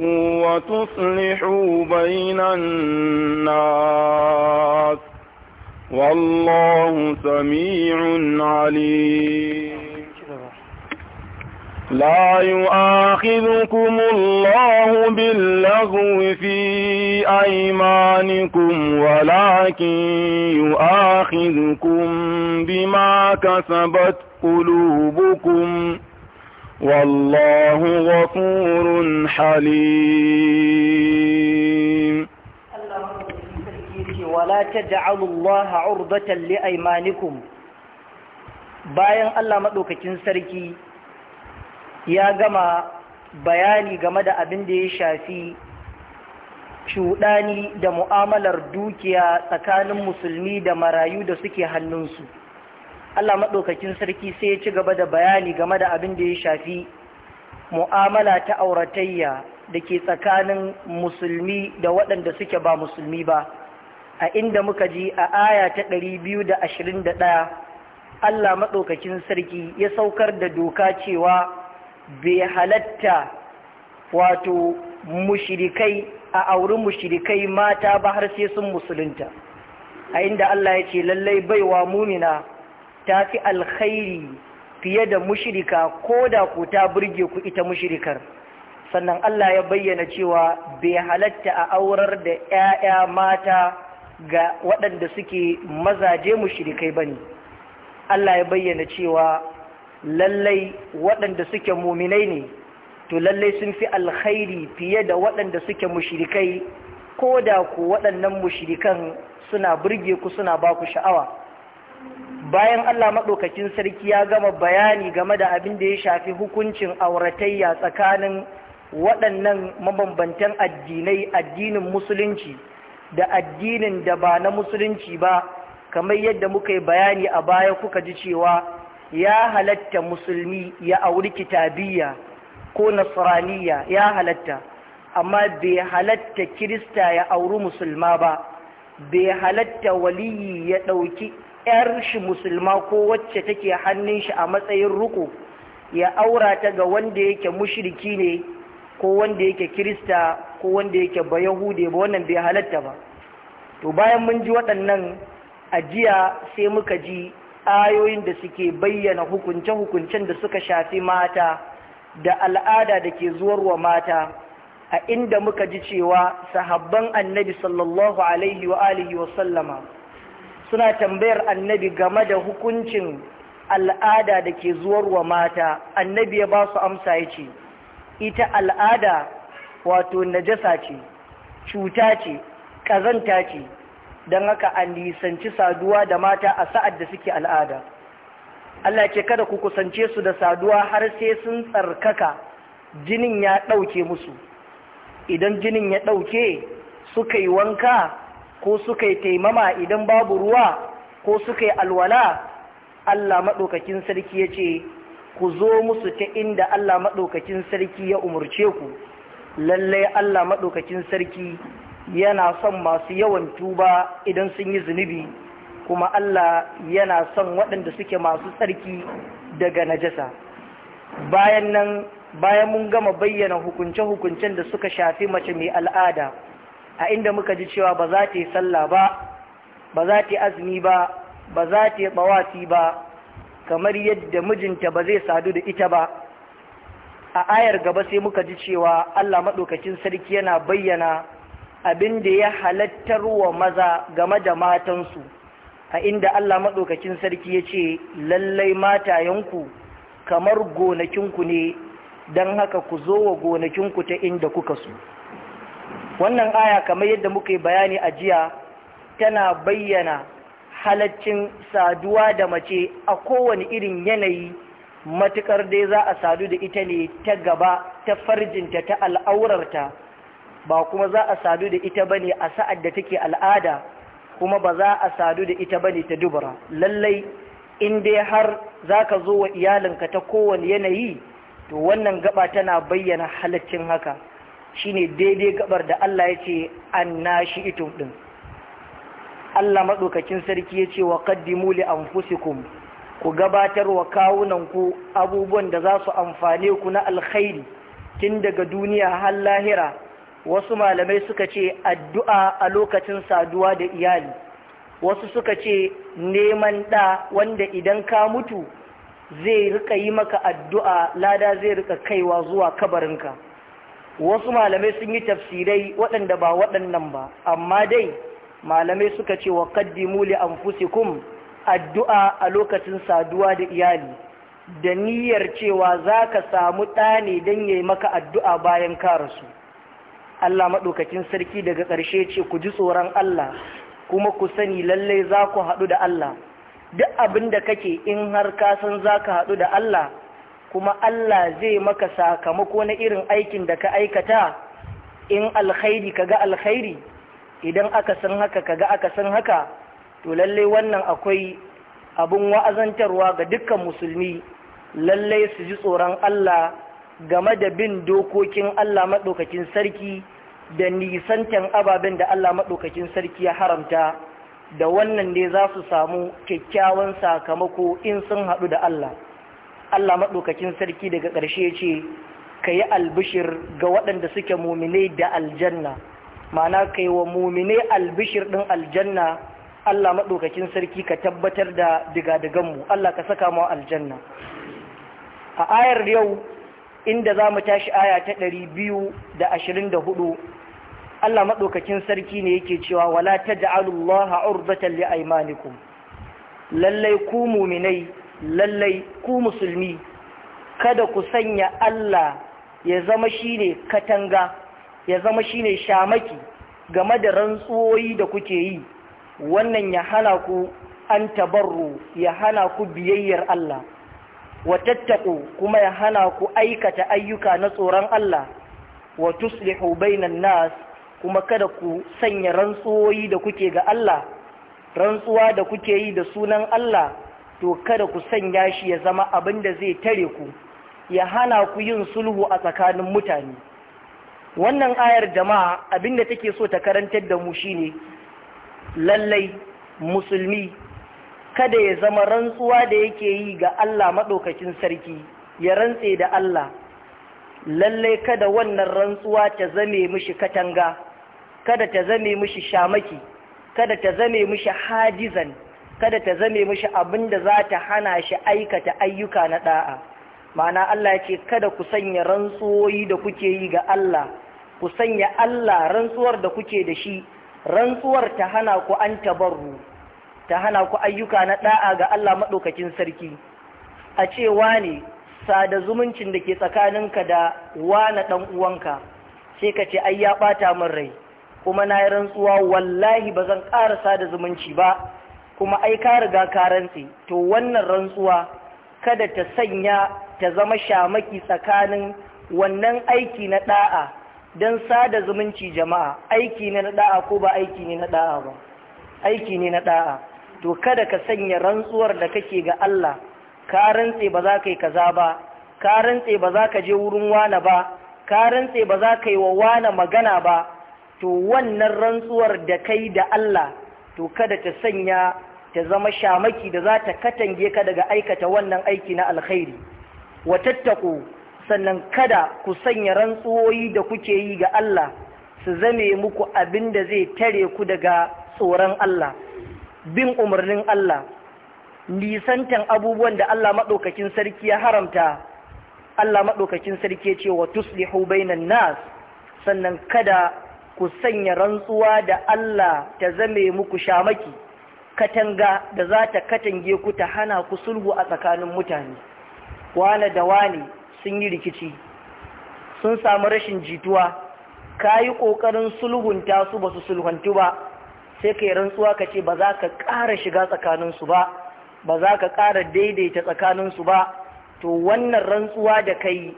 وتصلحوا بين الناس والله سميع عليم لا يؤاخذكم الله باللغو في أيمانكم ولكن يؤاخذكم بما كسبت قلوبكم والله غفور حليم ولا تجعل الله عرضة لأيمانكم bayan Allah maɗaukakin sarki ya gama bayani game da abin da ya shafi cuɗani da mu'amalar dukiya tsakanin musulmi da marayu da suke hannunsu. Allah maɗaukakin sarki sai ya ci gaba da bayani game da abin da ya shafi mu'amala ta auratayya da ke tsakanin musulmi da waɗanda suke ba musulmi ba a inda muka ji a aya ta ɗari biyu da da ɗaya, Allah maɗaukakin sarki ya saukar da doka cewa bai halatta wato mushirikai a auri mushirikai mata ba har sai sun musulunta a inda Allah ya ce lallai baiwa mumina ta fi alkhairi fiye da mushirika ko da ku ta burge ku ita mushirikar sannan Allah ya bayyana cewa bai halatta a aurar da 'ya'ya mata ga waɗanda suke mazaje mushirikai ba ne, Allah ya bayyana cewa lallai waɗanda suke muminai ne to lallai sun fi alkhairi fiye da waɗanda suke mushirikai ko da ku waɗannan mushirikan suna burge ku suna ba ku sha'awa bayan Allah maɗaukakin sarki ya gama bayani game da abin da ya shafi hukuncin auratayya tsakanin waɗannan mabambantan addinai addinin musulunci da addinin da ba na musulunci ba kamar yadda muka yi bayani a baya kuka ji cewa ya halatta musulmi ya auri kitabiyya ko nasraniya ya halatta amma bai halatta kirista ya auri musulma ba bai halatta waliyi ya ɗauki ‘yar shi musulma ko wacce take hannun shi a matsayin ruku ya aura ta ga wanda yake mushriki ne ko wanda yake kirista ko wanda yake ba yahude ba wannan bai halatta ba to bayan mun ji waɗannan ajiya sai muka ji ayoyin da suke bayyana hukunce-hukuncen da suka shafi mata da al'ada da ke zuwar wa mata a inda muka ji cewa sahabban annabi sallallahu alaihi wa alihi wa sallama suna tambayar annabi game da hukuncin al'ada da ke zuwar wa mata annabi ya ba su amsa ya ce ita al'ada wato najasa ce cuta ce ƙazanta ce don haka a nisanci saduwa da mata a sa'ad da suke al'ada Allah ce kada ku kusance su da saduwa har sai sun tsarkaka jinin ya ɗauke musu idan jinin ya ɗauke suka yi wanka ko suka yi taimama idan babu ruwa ko suka yi alwala Allah maɗaukakin sarki ya ce ku zo musu ta inda Allah maɗaukakin sarki ya umarce ku lallai Allah maɗaukakin sarki yana son masu yawan tuba idan sun yi zunubi kuma Allah yana son waɗanda suke masu tsarki daga najasa bayan nan bayan mun gama bayyana hukunce-hukuncen da suka shafi mace mai al'ada a inda muka ji cewa ba za ta yi sallah ba ba za ta yi azumi ba ba za ta yi ɓawafi ba kamar yadda mijinta ba zai sadu da ita ba a ayar gaba sai muka ji cewa Allah maɗaukakin sarki yana bayyana abin da ya halattar wa maza game da matansu a inda Allah maɗaukakin sarki ya ce lallai matayenku kamar gonakinku ne don haka ku zo wa gonakinku ta inda kuka so. wannan aya kamar yadda muka yi bayani a jiya tana bayyana halaccin saduwa da mace a kowane irin yanayi matukar dai za a sadu da ita ne ta gaba ta farjinta ta al'aurarta ba kuma za a sadu da ita bane a sa'ad da take al'ada kuma ba za a sadu da ita bane ta dubura lallai in dai har za ka zo wa iyalinka ta kowane yanayi to wannan gaba tana bayyana halaccin haka shine daidai gabar da Allah ya ce an nashi itum ɗin Allah maɗaukakin sarki ya ce wa qaddimu li anfusikum ku gabatar wa kawunanku abubuwan da za su amfane ku na alkhairi tun daga duniya har lahira wasu malamai suka ce addu'a a lokacin saduwa da iyali wasu suka ce neman ɗa wanda idan ka mutu zai rika yi maka addu'a lada zai rika kaiwa zuwa kabarinka wasu malamai sun yi tafsirai waɗanda ba waɗannan ba amma dai malamai suka ce wa kaddimu li anfusikum addu'a a lokacin saduwa da iyali da niyyar cewa za ka samu ɗa ne don yayi maka addu'a bayan ka rasu Allah maɗaukacin sarki daga ƙarshe ce ku ji tsoron Allah kuma ku sani lallai za ku haɗu da Allah duk abin da kake in har ka san za ka haɗu da Allah kuma Allah zai maka sakamako na irin aikin da ka aikata in alkhairi kaga alkhairi idan aka san haka kaga aka san haka to lalle wannan akwai abun wa'azantarwa ga dukkan musulmi lalle su ji tsoron Allah game da bin dokokin Allah maɗaukakin sarki da nisantan ababen da Allah maɗaukakin sarki ya haramta da wannan ne za su samu kyakkyawan sakamako in sun haɗu da Allah Allah maɗaukakin sarki daga ƙarshe ya ce ka yi albishir ga waɗanda suke muminai da aljanna Mana ka yi wa muminai albishir ɗin aljanna Allah maɗaukakin sarki ka tabbatar da digadiganmu Allah ka saka mu aljanna a ayar yau inda za mu tashi aya ta ɗari biyu da ashirin da hudu Allah maɗaukakin sarki ne yake cewa wala ta ja'alullaha urdatan li lallai ku muminai lallai ku musulmi kada ku sanya Allah ya zama shine katanga ya zama shine shamaki game da rantsuwoyi da kuke yi wannan ya hana ku an tabarru ya hana ku biyayyar Allah wa tattaku kuma ya hana ku aikata ayyuka na tsoron Allah wa tuslihu bainan nas kuma kada ku sanya rantsuwoyi da kuke ga Allah rantsuwa da kuke yi da sunan Allah to kada ku sanya shi ya zama abin da zai tare ku ya hana ku yin sulhu a tsakanin mutane wannan ayar jama'a abin da take so ta karantar da mu shine lallai musulmi kada ya zama rantsuwa da yake yi ga Allah madaukakin sarki ya rantse da Allah lallai kada wannan rantsuwa ta zame mishi katanga kada ta zame mishi shamaki kada ta zame mishi hadizan. kada ta zame mishi abin da za ta hana shi aikata ayyuka na ɗa'a. ma'ana Allah ya ce kada ku sanya rantsuwoyi da kuke yi ga Allah ku sanya Allah rantsuwar da kuke da shi rantsuwar ta hana ku an tabarru ta hana ku ayyuka na ɗa'a ga Allah maɗaukacin sarki a cewa ne sada zumuncin da ke tsakaninka da na ɗan uwanka sai ka ce ai ya ɓata min rai kuma na yi rantsuwa wallahi ba zan ƙara sada zumunci ba kuma ai ka riga ka rantse to wannan rantsuwa kada ta sanya ta zama shamaki tsakanin wannan aiki na da'a don sada zumunci jama'a aiki ne na da'a ko ba aiki ne na da'a ba aiki ne na da'a to kada ka sanya rantsuwar da kake ga Allah ka rantse ba za ka yi kaza ba ka rantse ba za ka je wurin wani ba ka rantse ba za ka yi wa wani magana ba to wannan rantsuwar da kai da Allah to kada ta sanya ta zama shamaki da za ta katange ka daga aikata wannan aiki na alkhairi wa tattaku sannan kada ku sanya rantsuwoyi da kuke yi ga Allah su zame muku abin da zai tare ku daga tsoron Allah bin umarnin Allah nisantan abubuwan da Allah maɗaukakin sarki ya haramta Allah maɗaukakin sarki ya ce wa tuslihu bainan nas sannan kada ku sanya rantsuwa da Allah ta zame muku shamaki katanga da za ta katange ku ta hana ku sulhu a tsakanin mutane wane da wane sun yi rikici sun samu rashin jituwa ka yi ƙoƙarin sulhunta su basu su sulhuntu ba sai kai rantsuwa ka ce ba za ka ƙara shiga tsakaninsu ba ba za ka ƙara daidaita tsakaninsu ba to wannan rantsuwa da kai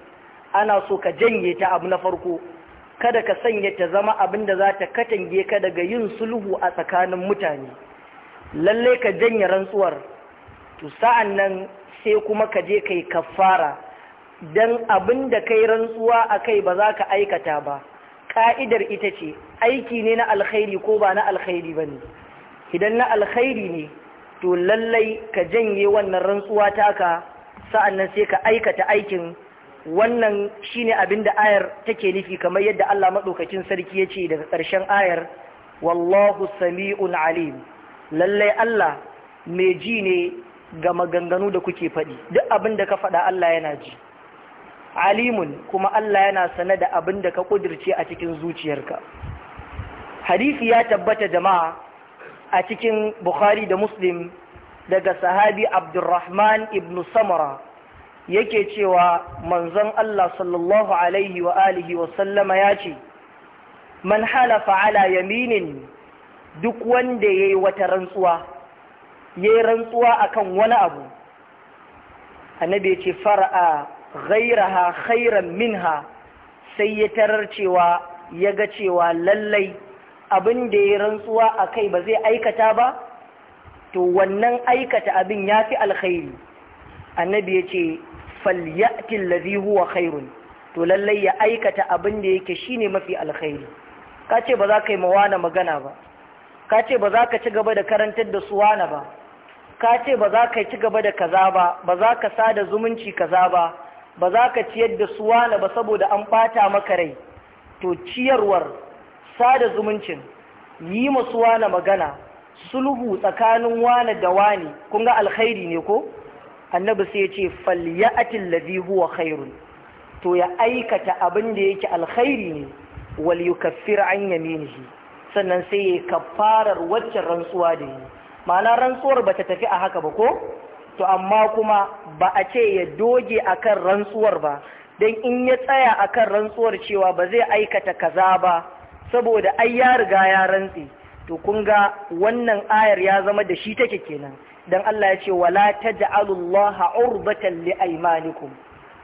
ana so ka janye ta abu na farko kada ka sanya ta zama abin da za ta katange ka daga yin sulhu a tsakanin mutane lalle ka janye rantsuwar to sa'an nan sai kuma ka je kai kafara dan abin da kai rantsuwa akai ba za ka aikata ba ka'idar ita ce aiki ne na alkhairi ko ba na alkhairi bane idan na alkhairi ne to lallai ka janye wannan rantsuwa taka sa'an nan sai ka aikata aikin wannan shine abin da ayar take nufi kamar yadda Allah maɗaukacin sarki ya ce daga ƙarshen ayar wallahu sami'un alim lallai Allah mai ji ne ga maganganu da kuke faɗi duk abinda ka faɗa Allah yana ji alimun kuma Allah yana sane da abin da ka ƙudirce a cikin zuciyarka hadisi ya tabbata jama'a a cikin bukhari da muslim daga sahabi abdurrahman ibn samara yake cewa manzon Allah sallallahu alaihi wa alihi wa sallama ya ce man halafa ala yaminin duk wanda yayi wata rantsuwa yayi rantsuwa akan wani abu annabi ce far'a ghairaha khairan minha sai ya tarar cewa ya ga cewa lallai abin da ya rantsuwa a kai ba zai aikata ba to wannan aikata abin ya fi alkhairi annabi ya ce falyatin Lazihu huwa khairun to lallai ya aikata abin da yake shine mafi alkhairi ka ce ba za ka yi mawana magana ba ka ce ba za ka ci gaba da karantar da suwana ba ka ce ba za ka ci gaba da kaza ba ba za ka sada zumunci kaza ba ba za ka ciyar da suwana ba saboda an bata maka rai to ciyarwar sada zumuncin yi ma suwana magana sulhu tsakanin wane da wani kun ga alkhairi ne ko annabi sai ya ce falyati allazi huwa khairun to ya aikata abin da yake alkhairi ne wal yukaffir an yaminihi sannan sai ya kafarar waccan rantsuwa da yi ma'ana rantsuwar bata tafi a haka ba ko to amma kuma ba a ce ya doge akan rantsuwar ba dan in ya tsaya akan rantsuwar cewa ba zai aikata kaza ba saboda ai ya riga ya rantse, to kun ga wannan ayar ya zama da shi take kenan dan Allah ya ce wala taj'alullaha urbatan liaymanikum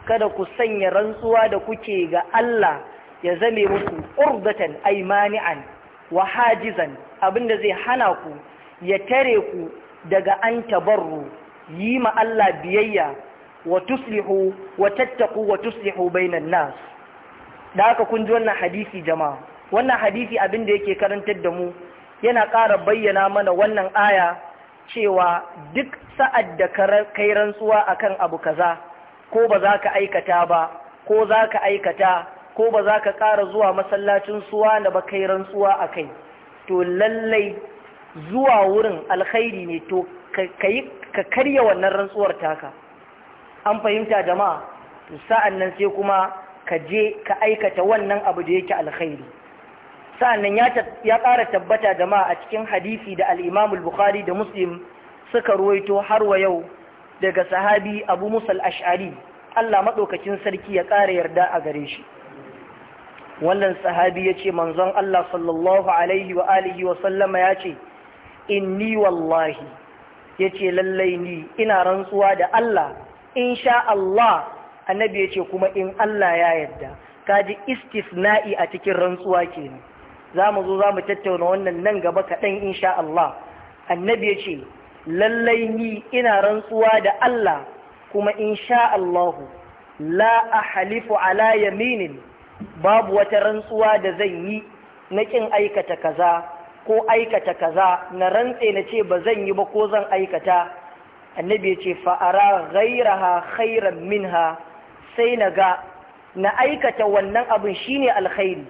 kada ku sanya rantsuwa da kuke ga Allah ya zame muku urbatan aymani'an wa hajizan abinda zai hana ku ya tare ku daga an tabarru yi ma Allah biyayya wa tuslihu wa tattaqu wa tuslihu bainan nas da haka kun ji wannan hadisi jama'a wannan hadisi abin da yake karantar da mu yana ƙara bayyana mana wannan aya cewa duk sa'ad da ka kai rantsuwa a kan abu kaza ko ba za ka aikata ba ko za ka aikata ko ba za ka ƙara zuwa masallacin suwa da ba kai rantsuwa a kai to lallai zuwa wurin alkhairi ne to ka karya wannan rantsuwar taka an fahimta jama'a sa'an nan sai kuma ka je ka aikata wannan abu da yake alkhairi sa'annan ya ƙara tabbata jama'a a cikin hadisi da al'imamul bukhari da muslim suka ruwaito har wa yau daga sahabi abu musal ash'ari Allah maɗaukacin sarki ya ƙara yarda a gare shi wannan sahabi ya ce manzon Allah sallallahu alaihi wa alihi wa sallama ya ce inni wallahi ya ce lallai ni ina rantsuwa da Allah in sha Allah annabi ya ce kuma in Allah ya yarda kaji istisna'i a cikin rantsuwa kenan za mu zo za mu tattauna wannan nan gaba kaɗan insha Allah annabi ya ce lallai ni ina rantsuwa da Allah kuma insha Allah la halifu ala yaminin babu wata rantsuwa da zan yi na ƙin aikata kaza ko aikata kaza na rantse na ce ba zan yi ba ko zan aikata annabi ya ce fa'ara ghairaha khairan minha sai na ga na aikata wannan abin shine alkhairi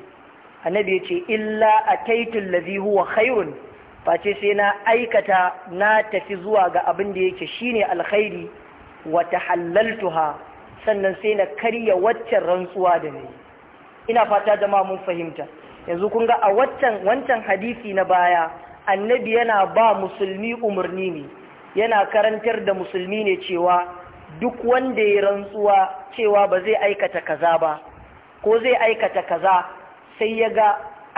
annabi ya ce illa a taitun lazi huwa khairun face sai na aikata na tafi zuwa ga abin da yake shine alkhairi wata halaltuha sannan sai na karya waccan rantsuwa da ni. ina fata jama'a mun fahimta yanzu kun ga a waccan wancan hadisi na baya annabi yana ba musulmi umarni ne yana karantar da musulmi ne cewa duk wanda ya rantsuwa cewa ba zai aikata kaza ba ko zai aikata kaza sai ya ga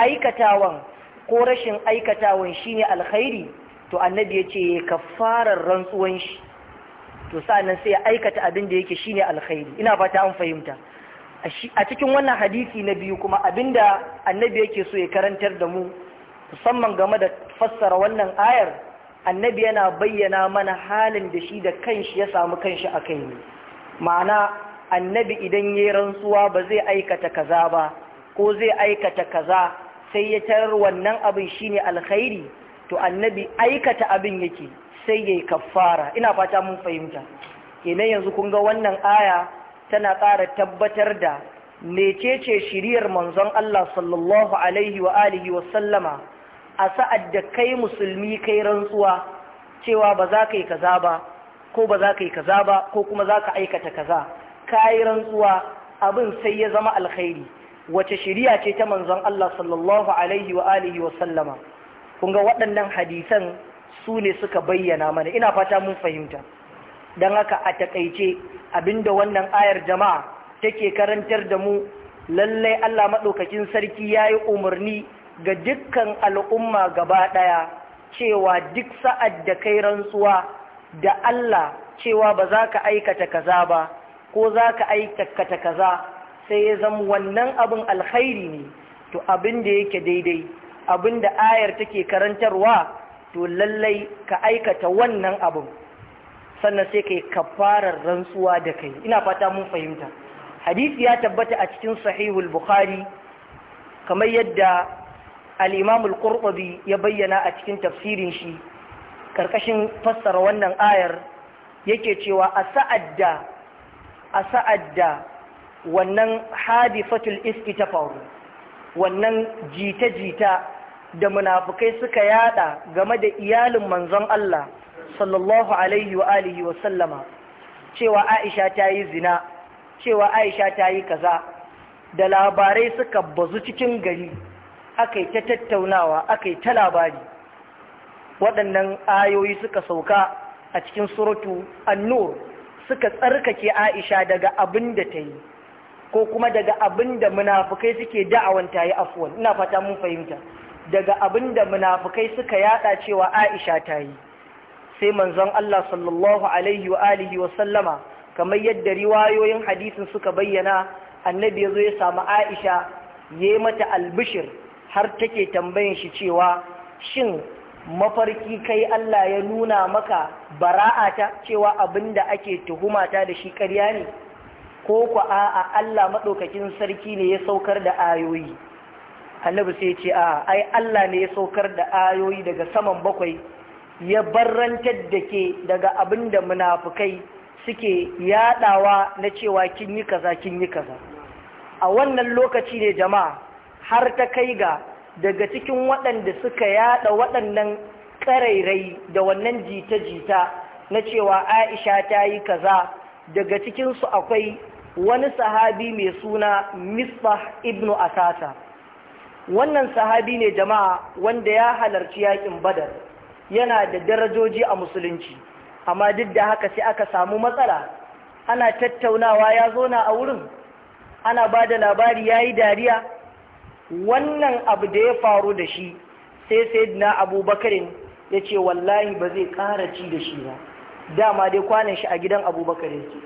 aikatawan ko rashin aikatawan shine alkhairi to annabi ya ce kafarar rantsuwan shi to sa'annan sai ya aikata abin da yake shine alkhairi ina fata an fahimta a cikin wannan hadisi na biyu kuma abinda annabi yake so ya karantar da mu musamman game da fassara wannan ayar annabi yana bayyana mana halin da shi da kanshi ya samu kanshi a kai ne ma'ana annabi idan ya yi rantsuwa ba zai aikata kaza ba ko zai aikata kaza sai ya tarar wannan abin shine alkhairi to annabi aikata abin yake sai yayi kaffara ina fata mun fahimta kenan yanzu kun ga wannan aya tana ƙara tabbatar da mecece shiriyar manzon Allah sallallahu alaihi wa alihi wa sallama a sa'ad da kai musulmi kai rantsuwa cewa ba za ka yi kaza ba ko ba za ka yi kaza ba ko kuma za ka aikata kaza ka rantsuwa abin sai ya zama alkhairi wace shirya ce ta manzon Allah sallallahu alaihi wa alihi wa sallama kun ga waɗannan hadisan su ne suka bayyana mana ina fata mun fahimta don haka a takaice abinda wannan ayar jama'a take karantar da mu lallai Allah maɗaukakin sarki ya yi umarni ga dukkan al'umma gaba ɗaya cewa duk sa'ad da kai rantsuwa da Allah cewa ba za ka aikata kaza ba ko za ka aikata kaza sai ya zama wannan abin alkhairi ne to abin da yake daidai abin da ayar take karantarwa to lallai ka aikata wannan abin sannan sai kai kafarar rantsuwa da kai ina fata mun fahimta hadisi ya tabbata a cikin sahihul bukhari kamar yadda al-imam qurtubi ya bayyana a cikin tafsirin shi karkashin fassara wannan ayar yake cewa a sa'adda a sa'adda wannan hadifatul iski ta faru wannan jita-jita da munafukai suka yada game da iyalin manzon Allah sallallahu alaihi wa alihi wa sallama cewa Aisha ta yi zina cewa Aisha ta yi kaza da labarai suka bazu cikin gari aka ta tattaunawa aka ta labari waɗannan ayoyi suka sauka a cikin suratu annur suka tsarkake Aisha daga abin da ta yi ko kuma daga abin da munafukai suke da'awan ta yi afuwan ina fata mun fahimta daga abin da munafukai suka yada cewa aisha ta yi sai manzon Allah sallallahu alaihi wa alihi wa sallama kamar yadda riwayoyin hadisin suka bayyana annabi yazo ya samu aisha ya mata albishir har take tambayin shi cewa shin mafarki kai Allah ya nuna maka bara'ata cewa abinda ake tuhumata da shi ƙarya ne ko ku a'a Allah maɗaukakin sarki ne ya saukar da ayoyi annabi sai ce a ai Allah ne ya saukar da ayoyi daga saman bakwai ya barrantar da ke daga abin da munafukai suke yaɗawa na cewa kin yi kaza kin yi kaza a wannan lokaci ne jama'a har ta kai ga daga cikin waɗanda suka yaɗa waɗannan ƙarairai da wannan jita-jita na cewa Aisha ta yi kaza daga cikinsu akwai wani sahabi mai suna misbah ibnu asasa wannan sahabi ne jama'a wanda ya halarci yakin badar yana da darajoji a musulunci amma duk da haka sai aka samu matsala ana tattaunawa ya zona a wurin ana ba da labari ya yi dariya wannan abu da ya faru da shi sai sayyidina abubakarin ya ce wallahi ba zai ƙara ci da shi ba dama dai kwanan shi a gidan abubakar yake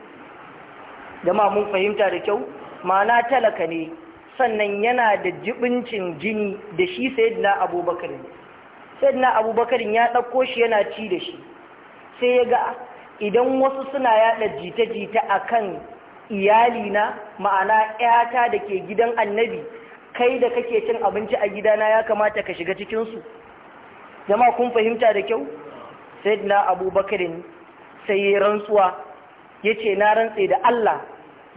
jama'a mun fahimta da kyau ma'ana talaka ne sannan yana da jibincin jini da shi sayyidina abubakar sayyidina abubakar ya ɗauko shi yana ci da shi sai ya ga idan wasu suna yaɗa jita-jita a kan iyalina ma'ana 'yata da ke gidan annabi kai da kake cin abinci a gidana ya kamata ka shiga cikinsu jama kun fahimta da kyau sayyidina ne sai ya rantsuwa ya ce na rantse da Allah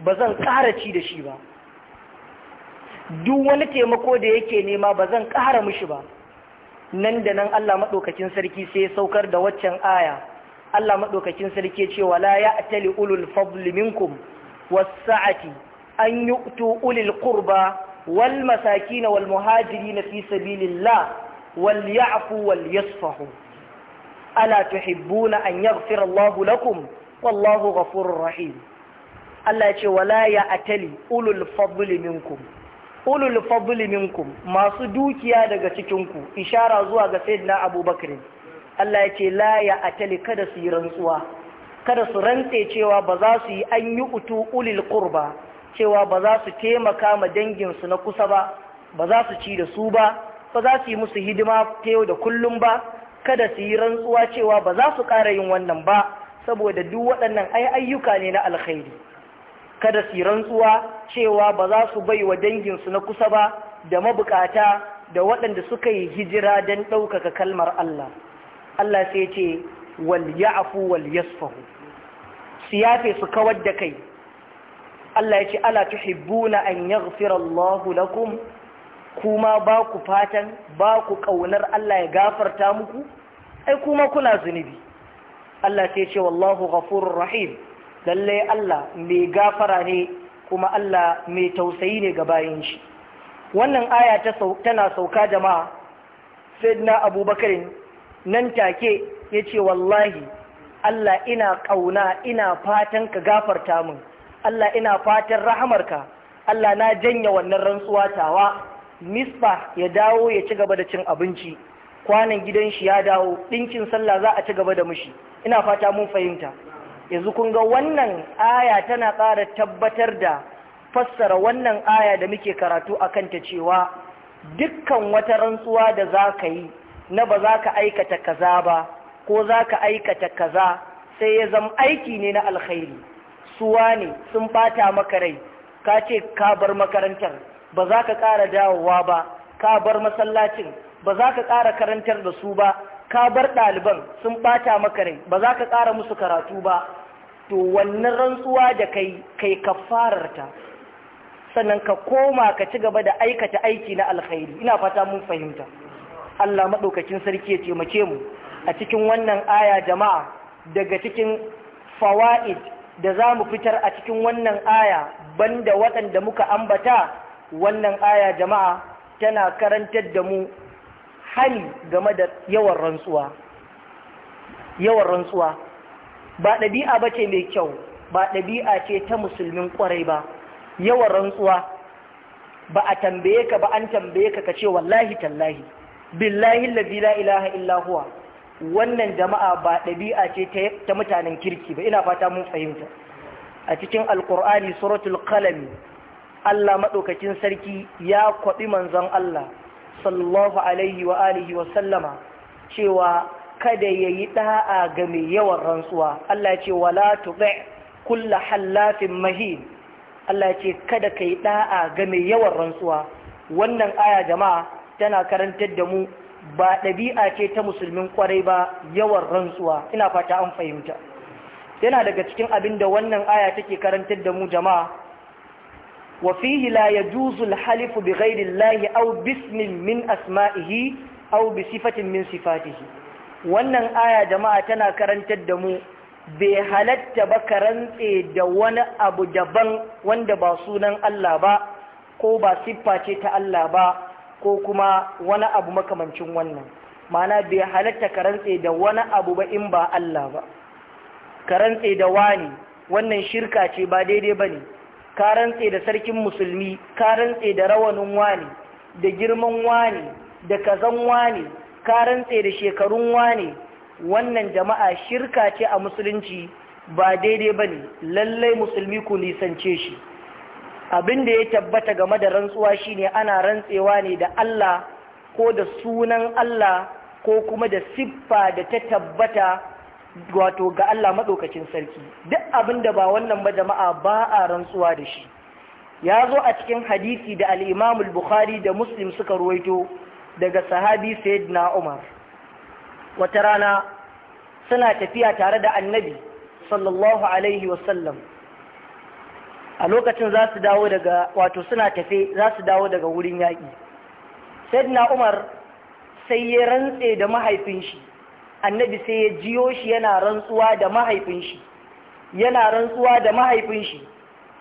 ba zan ƙara ci da shi ba duk wani taimako da yake nema ba zan ƙara mushi ba nan da nan Allah maɗaukakin sarki sai ya saukar da waccan aya Allah maɗaukakin sarki ce wala ya atali ulul fadli minkum wasa'ati an yu'tu ulil qurba wal masakin wal muhajirin fi sabilillah wal ya'fu wal yasfahu ala tuhibbuna an yaghfira Allahu lakum wallahu ghafurur rahim Allah ya ce wala ya atali ulul fadli minkum ulul fadli minkum masu dukiya daga cikin ku ishara zuwa ga sayyidina abubakar Allah ya ce la ya atali kada su yi rantsuwa kada su rantse cewa ba za su yi an yi utu ulil qurba cewa ba za su taimaka ma dangin su na kusa ba ba za su ci da su ba ba za su yi musu hidima ta yau da kullum ba kada su yi rantsuwa cewa ba za su ƙara yin wannan ba saboda duk waɗannan ai ayyuka ne na alkhairi kada su rantsuwa cewa ba za su bai wa danginsu na kusa ba da mabukata da waɗanda suka yi hijira don ɗaukaka kalmar Allah Allah sai ce wal ya'fu wal yasfahu su yafe su kawar da kai Allah ya ce ala tuhibbuna an yaghfira Allahu lakum kuma ba ku fatan ba ku ƙaunar Allah ya gafarta muku ai kuma kuna zunubi Allah ce ce wallahu ghafurur rahim lalle Allah mai gafara ne kuma Allah mai tausayi ne ga bayan shi wannan aya tana sauka jama'a sayyidina Abubakar nan take yace wallahi Allah ina kauna ina fatan ka gafarta min Allah ina fatan rahamarka Allah na janya wannan rantsuwa tawa misba ya dawo ya ci gaba da cin abinci kwanan gidan shi ya dawo ɗinkin sallah za a ci gaba da mushi ina fata mun fahimta yanzu kun ga wannan aya tana ƙara tabbatar da fassara wannan aya da muke karatu a kanta cewa dukkan wata rantsuwa da za ka yi na ba za ka aikata kaza ba ko za ka aikata kaza sai ya zama aiki ne na alkhairi suwa ne sun fata maka rai ka ce ka bar makarantar ba za ka ƙara dawowa ba ka bar masallacin ba za ka ƙara karantar da su ba ka bar ɗaliban sun ɓata maka rai ba za ka ƙara musu karatu ba to wannan rantsuwa da kai kai ka kafararta sannan ka koma ka ci gaba da aikata aiki na alkhairi ina fata mun fahimta Allah maɗaukakin sarki ya taimake mu a cikin wannan aya jama'a daga cikin fawaid da za mu fitar a cikin wannan aya banda waɗanda muka ambata wannan aya jama'a tana karantar da mu Hali game da yawan rantsuwa yawan rantsuwa ba ɗabi'a ba ce mai kyau ba ɗabi'a ce ta musulmin ƙwarai ba yawan rantsuwa ba a tambaye ka ba an tambaye ka ka ce wallahi tallahi billahi lazi la ilaha illa huwa wannan jama'a ba ɗabi'a ce ta mutanen kirki ba ina fata mun fahimta a cikin alkur'ani suratul qalami Allah maɗaukacin sarki ya kwaɓi manzon Allah sallallahu alaihi wa alihi wa sallama cewa kada yayi da'a ga mai yawan rantsuwa Allah ya ce wala tuti kullu hallafin mahin Allah ya ce kada kai da'a ga mai yawan rantsuwa wannan aya jama'a tana karantar da mu ba ɗabi'a ce ta musulmin kwarai ba yawan rantsuwa ina fata an fahimta yana daga cikin abin da wannan aya take karantar da mu jama'a وفيه لا يجوز الحلف بغير الله أو باسم من أسمائه أو بصفة من صفاته wannan aya jama'a tana karantar da mu bai halatta ba ka rantse da wani abu daban wanda ba sunan Allah ba ko ba siffa ce ta Allah ba ko kuma wani abu makamancin wannan mana bai halatta ka rantse da wani abu ba in ba Allah ba ka rantse da wani wannan shirka ce ba daidai ba ne ka rantse da sarkin musulmi ka rantse da rawanin wani da girman wani da kazan wani ka rantse da shekarun wani wannan jama'a shirka ce a musulunci ba daidai ba ne lallai musulmi ku nisance shi abin da ya tabbata game da rantsuwa shine ana rantsewa ne da Allah ko da sunan Allah ko kuma da siffa da ta tabbata wato ga Allah maɗaukacin sarki duk abin da ba wannan ba jama'a ba a rantsuwa da shi ya zo a cikin hadisi da al'imamul bukhari da muslim suka ruwaito daga sahabi sayyid na umar wata rana suna tafiya tare da annabi sallallahu alaihi wasallam a lokacin za su dawo daga wato suna tafe za su dawo daga wurin yaƙi sayyid na umar sai ya rantse da mahaifin shi annabi sai ya jiyo shi yana rantsuwa da mahaifin shi yana rantsuwa da mahaifin shi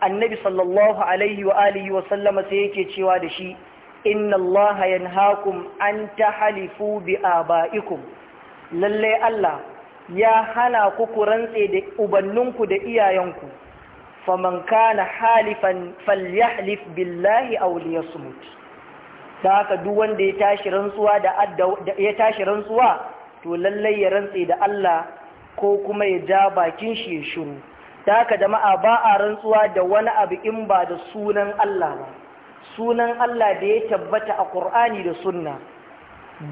annabi sallallahu alaihi wa alihi wa sallama sai yake cewa da shi inna Allah yanhaakum an tahlifu bi abaikum lalle Allah ya hana ku ku rantse da ubanninku da iyayenku faman kana halifan falyahlif billahi aw liyasmut da haka duk wanda ya tashi rantsuwa da ya tashi rantsuwa to lallai ya rantse da Allah ko kuma ya ja bakin shi ya shiru ta haka jama'a ba a rantsuwa da wani abu in ba da sunan Allah ba sunan Allah da ya tabbata a Qur'ani da sunna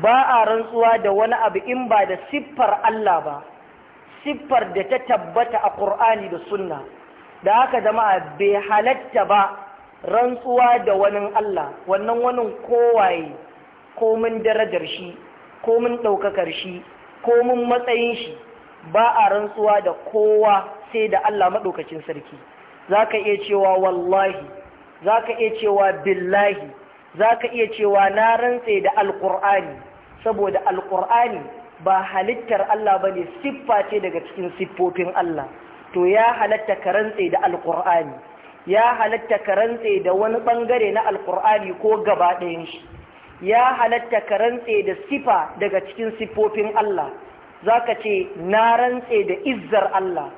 ba a rantsuwa da wani abu in ba da siffar Allah ba siffar da ta tabbata a Qur'ani da sunna da haka jama'a bai halatta ba rantsuwa da wani Allah wannan wani kowaye komin darajar shi ko mun ɗaukakar shi ko mun matsayin shi ba a rantsuwa da kowa sai da Allah maɗaukacin sarki za ka iya cewa wallahi za ka iya cewa billahi za ka iya cewa na rantse da alƙur'ani saboda alƙur'ani ba halittar Allah ba ne siffa ce daga cikin siffofin Allah to ya halatta ka rantse da alƙur'ani ya halatta ka rantse da wani ɓangare na alƙur'ani ko gaba ɗayan shi ya halatta ka rantse da sifa daga cikin siffofin Allah za ka ce na rantse da izzar Allah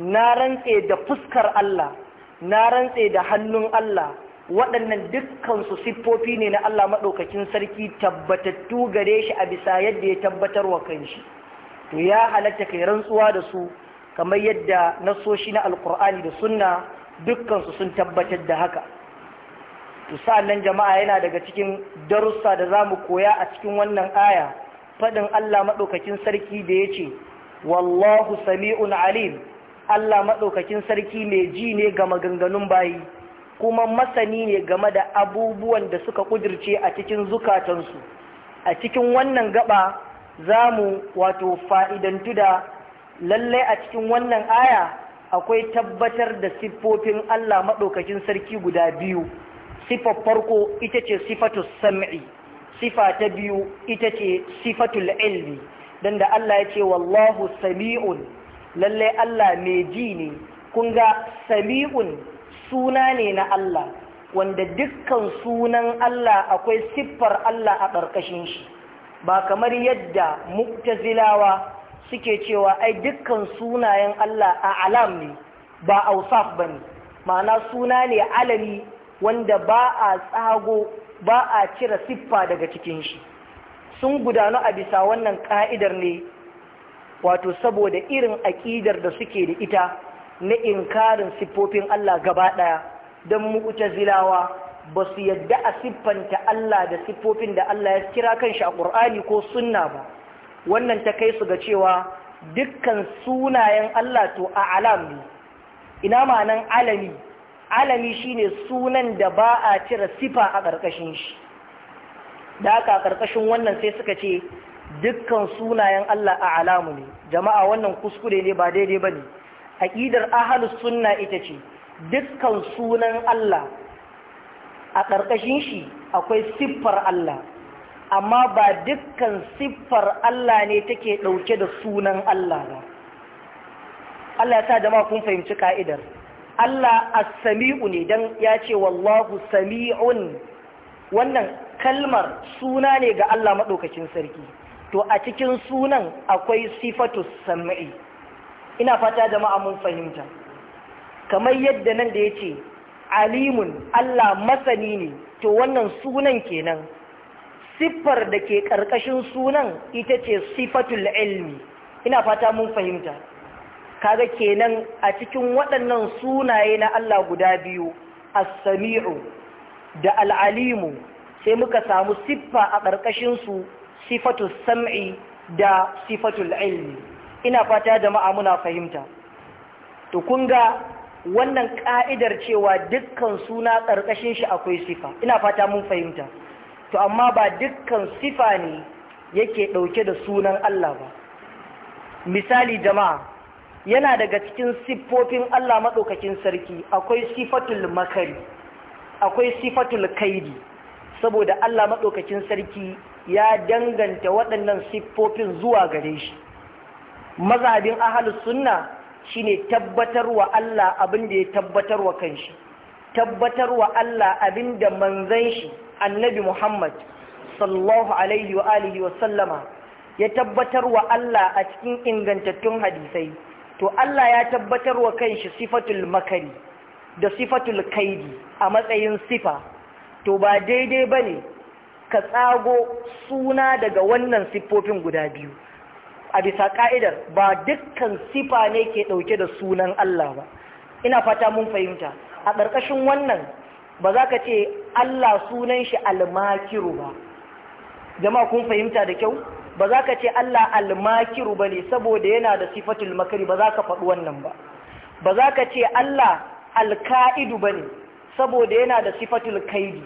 na rantse da fuskar Allah na rantse da hannun Allah waɗannan dukkansu siffofi ne na Allah maɗaukakin sarki tabbatattu gare shi a bisa yadda ya tabbatar wa kanshi to ya halatta kai rantsuwa da su kamar yadda nasoshi na alkur'ani da sunna dukkansu sun tabbatar da haka to sa'annan jama'a yana daga cikin darussa da za mu koya a cikin wannan aya faɗin Allah maɗaukakin sarki da ya ce, wallahu sami'un alim Allah maɗaukakin sarki mai ji ne ga maganganun bayi kuma masani ne game da abubuwan da suka ƙudurce a cikin zukatansu a cikin wannan gaba mu wato fa'idantu da lallai a cikin wannan aya akwai tabbatar da siffofin Allah maɗaukakin sarki guda biyu sifar farko ita ce sifatu sam'i sifa ta biyu ita ce sifatul ilmi don da Allah ya ce wallahu sami'un lallai Allah mai ji ne kun ga sami'un suna ne na Allah wanda dukkan sunan Allah akwai siffar Allah a ƙarƙashin shi ba kamar yadda mu'tazilawa suke cewa ai dukkan sunayen Allah a alam ne ba ausaf bane ma'ana suna ne alami wanda ba a tsago ba a cire siffa daga cikin shi sun gudanu a bisa wannan ka'idar ne wato saboda irin aƙidar da suke da ita na inkarin siffofin Allah gaba ɗaya don mu'tazilawa ba su yadda a siffanta Allah da siffofin da Allah ya kira kan shi a ƙur'ani ko sunna ba wannan ta kai su ga cewa dukkan sunayen Allah to a alam ne ina nan alami alami shine sunan da ba a cire sifa a ƙarƙashin shi da aka a ƙarƙashin wannan sai suka ce dukkan sunayen Allah a alamu ne jama'a wannan kuskure ne ba daidai ba ne aƙidar ahalus sunna ita ce dukkan sunan Allah a ƙarƙashin shi akwai siffar Allah amma ba dukkan siffar Allah ne take ɗauke da sunan Allah ba Allah ya sa jama'a kun fahimci ka'idar Allah as-sami'u ne dan ya ce wallahu sami'un wannan kalmar suna ne ga Allah maɗaukacin sarki to a cikin sunan akwai sifatu sam'i ina fata jama'a mun fahimta kamar yadda nan da ya ce alimun Allah masani ne to wannan sunan kenan siffar da ke ƙarƙashin sunan ita ce sifatul ilmi ina fata mun fahimta kaga kenan a cikin waɗannan sunaye na Allah guda biyu as-sami'u da al-alimu sai muka samu siffa a ƙarƙashin su sifatu sam'i da sifatul ilmi ina fata jama'a muna fahimta to kun ga wannan ka'idar cewa dukkan suna ƙarƙashin shi akwai sifa ina fata mun fahimta to amma ba dukkan sifa ne yake ɗauke da sunan Allah ba misali jama'a yana daga cikin siffofin Allah maɗaukakin sarki akwai sifatul makari akwai sifatul kaidi saboda Allah maɗaukakin sarki ya danganta waɗannan siffofin zuwa gare shi mazabin ahal sunna shine tabbatarwa Allah abin da ya tabbatarwa kanshi tabbatarwa Allah abin da manzon shi annabi Muhammad sallallahu alaihi wa alihi wa sallama ya tabbatarwa Allah a cikin ingantattun hadisai to Allah ya tabbatar wa kanshi sifatul makari da sifatul kaidi a matsayin sifa to ba daidai ba ne ka tsago suna daga wannan siffofin guda biyu a bisa ka'idar ba dukkan sifa ne ke ɗauke da sunan Allah ba ina fata mun fahimta a ƙarƙashin wannan ba za ka ce Allah sunan shi almakiru ba jama'a kun fahimta da kyau ba za ka ce Allah almakiru ba ne saboda yana da sifatul makari ba za ka faɗi wannan ba ba za ka ce Allah alka'idu ba ne saboda yana da sifatul kaidi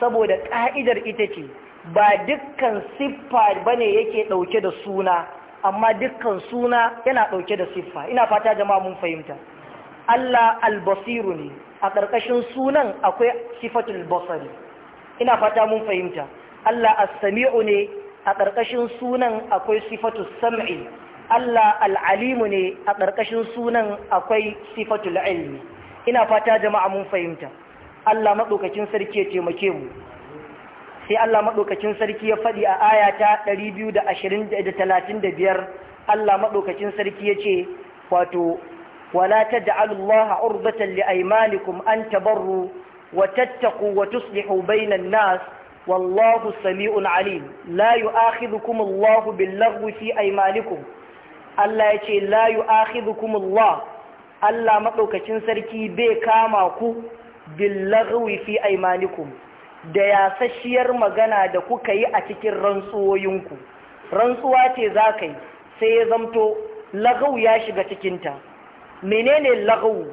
saboda ƙa'idar ita ce ba dukkan siffa ba ne yake ɗauke da suna amma dukkan suna yana ɗauke da siffa ina fata jama'a mun fahimta Allah albasiru ne a ƙarƙashin sunan akwai sifatul basari ina fata mun fahimta Allah as-sami'u ne a ƙarƙashin sunan akwai sifatu sam'i Allah al'alimu ne a ƙarƙashin sunan akwai sifatu ilmi ina fata jama'a mun fahimta Allah maɗaukacin sarki ya taimake mu sai Allah maɗaukacin sarki ya faɗi a aya ta biyar. Allah maɗaukacin sarki ya ce wato wala da Allah urdatan li aymanikum an tabarru wa tattaqu wa tuslihu bainan nas والله سميع عليم لا يؤاخذكم الله باللغو في أيمانكم Allah ya ce la yu'akhidhukumullah Allah maɗaukacin sarki bai kama ku billaghwi fi aymanikum da yasasshiyar magana da kuka yi a cikin rantsuwoyinku rantsuwa ce zakai sai ya zamto lagau ya shiga cikinta. menene lagau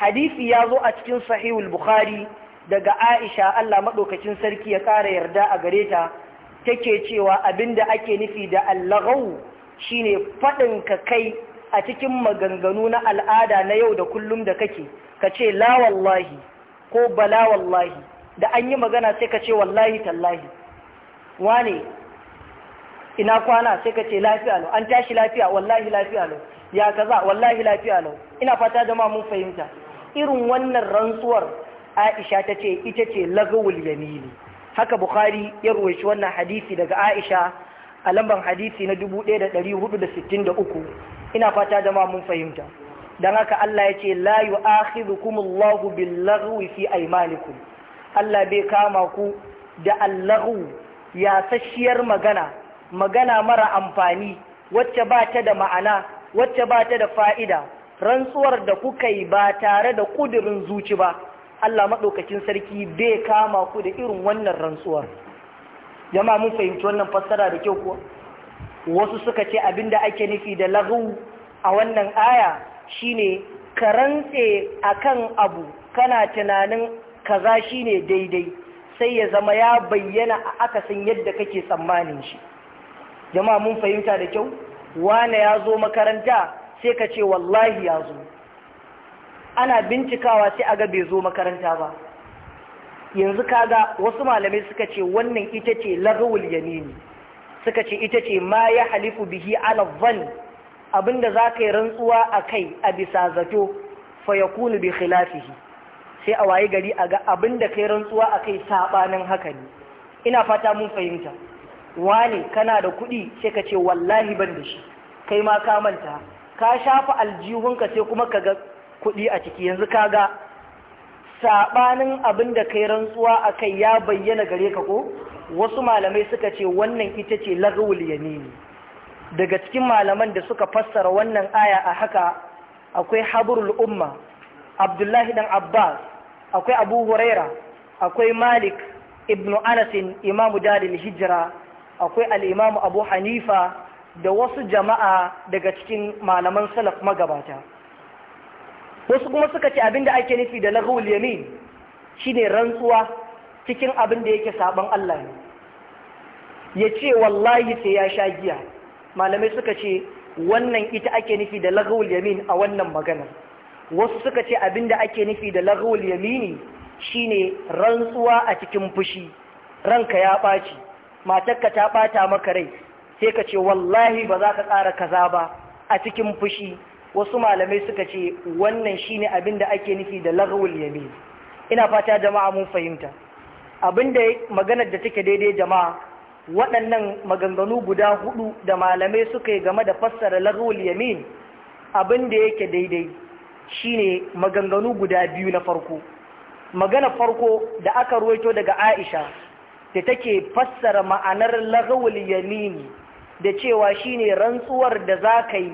hadisi ya zo a cikin sahihul bukhari daga Aisha Allah maɗaukacin sarki ya ƙara yarda a gare ta take cewa abinda ake nufi da allagau shine faɗin ka kai a cikin maganganu na al'ada na yau da kullum da kake ka ce la wallahi ko bala wallahi da an yi magana sai ka ce wallahi tallahi wane ina kwana sai ka ce lafiya lau an tashi lafiya wallahi lafiya lau ya kaza wallahi lafiya lau ina fata jama'a mun fahimta irin wannan rantsuwar aisha ta ce ita ce lagawul yamini haka bukhari ya ruwaishi wannan hadisi daga aisha a lambar hadisi na 1463 ina fata da mun fahimta dan haka Allah ya ce la yu'akhidhukum Allahu bil lagwi fi aymanikum Allah bai kama ku da allahu ya sashiyar magana magana mara amfani wacce ba ta da ma'ana wacce ba ta da fa'ida rantsuwar da kuka yi ba tare da kudirin zuci ba Allah maɗaukakin sarki bai kama ku da irin wannan rantsuwar. Yama mun fahimci wannan fassara da kyau kuwa wasu suka ce abin da ake nufi da lagu a wannan aya shine ka rantse a kan abu kana tunanin kaza ne daidai sai ya zama ya bayyana a akasin yadda kake tsammanin shi Yama mun fahimta da kyau wane ya zo makaranta sai ka ce wallahi ya zo ana bincikawa sai aga bai zo makaranta ba yanzu ka ga wasu malamai suka ce wannan ita ce lagawul yamini suka ce ita ce ma ya halifu bihi ala abinda za ka yi rantsuwa a kai a bisa zato fayakunu bai kunu bi sai a wayi gari a ga abinda ka yi rantsuwa a kai saɓanin haka ne ina fata mun fahimta wane kana da kuɗi sai ka ce wallahi ban da shi kai ma ka manta ka shafa aljihunka sai kuma ka ga kuɗi a ciki yanzu kaga saɓanin abin da kai rantsuwa a kai ya bayyana gare ka ko wasu malamai suka ce wannan ita ce lagawul yamini daga cikin malaman da suka fassara wannan aya a haka akwai haburul umma abdullahi dan abbas akwai abu huraira akwai malik ibnu anasin imamu dalil hijira akwai al al'imamu abu hanifa da wasu jama'a daga cikin malaman salaf magabata wasu kuma suka ce abinda ake nufi da laghul yamin shine rantsuwa cikin abin da yake saban Allah ne ya ce wallahi sai ya sha giya malamai suka ce wannan ita ake nufi da laghul yamin a wannan magana wasu suka ce abinda ake nufi da laghul yamini shine rantsuwa a cikin fushi ranka ya ɓaci matarka ta ɓata maka rai sai ka ce wallahi ba za ka tsara kaza ba a cikin fushi wasu malamai suka ce wannan shine abin da ake nufi da lagawul yamin ina fata jama'a mun fahimta abinda maganar da take daidai jama'a waɗannan maganganu guda hudu da malamai suka yi game da fassara lagawul yamin abin da yake daidai shine maganganu guda biyu na farko magana farko da aka ruwaito daga Aisha da take fassara ma'anar lagawul yamin da cewa shine rantsuwar da za ka yi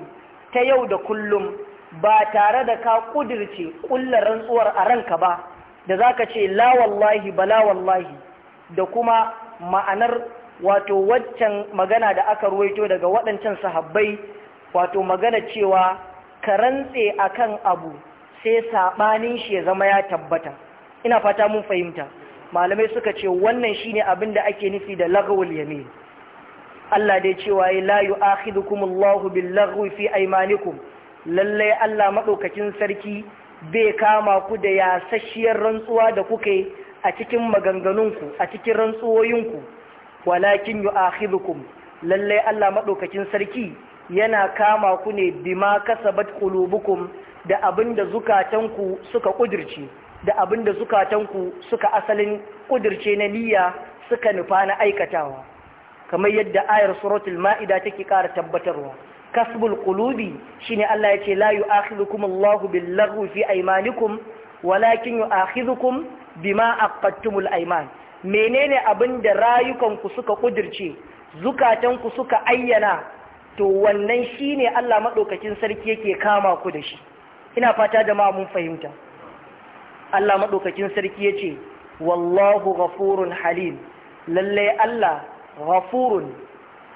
ta yau da kullum ba tare da ka kudirce ƙulla rantsuwar a ranka ba da zaka ce la wallahi bala wallahi da kuma ma'anar wato waccan magana da aka ruwaito daga waɗancan sahabbai wato magana cewa ka rantse a kan abu sai saɓanin shi ya zama ya tabbata ina fata mun fahimta malamai suka ce wannan shine abin da ake nufi da lagawul yamin Allah dai cewa ya la akhidukum Allahu bil laghwi fi aymanikum lalle Allah madaukakin sarki bai kama ku da yasasshiyar rantsuwa da kuke a cikin maganganunku a cikin rantsuwoyinku walakin akhidukum lalle Allah madaukakin sarki yana kama ku ne bima kasabat qulubukum da abinda zukatanku suka kudirce da abinda zukatanku suka asalin kudirce na niyya suka nufa na aikatawa kamar yadda ayar suratul ma'ida take ƙara tabbatarwa kasbul qulubi shine Allah yace la yu'akhidhukum Allahu bil laghwi fi aymanikum walakin yu'akhidhukum bima aqadtumul ayman menene abin da rayukanku suka kudirce zukatanku suka ayyana to wannan shine Allah madaukakin sarki yake kama ku da shi ina fata ma mun fahimta Allah madaukakin sarki yace wallahu ghafurun halim lalle Allah ghafurun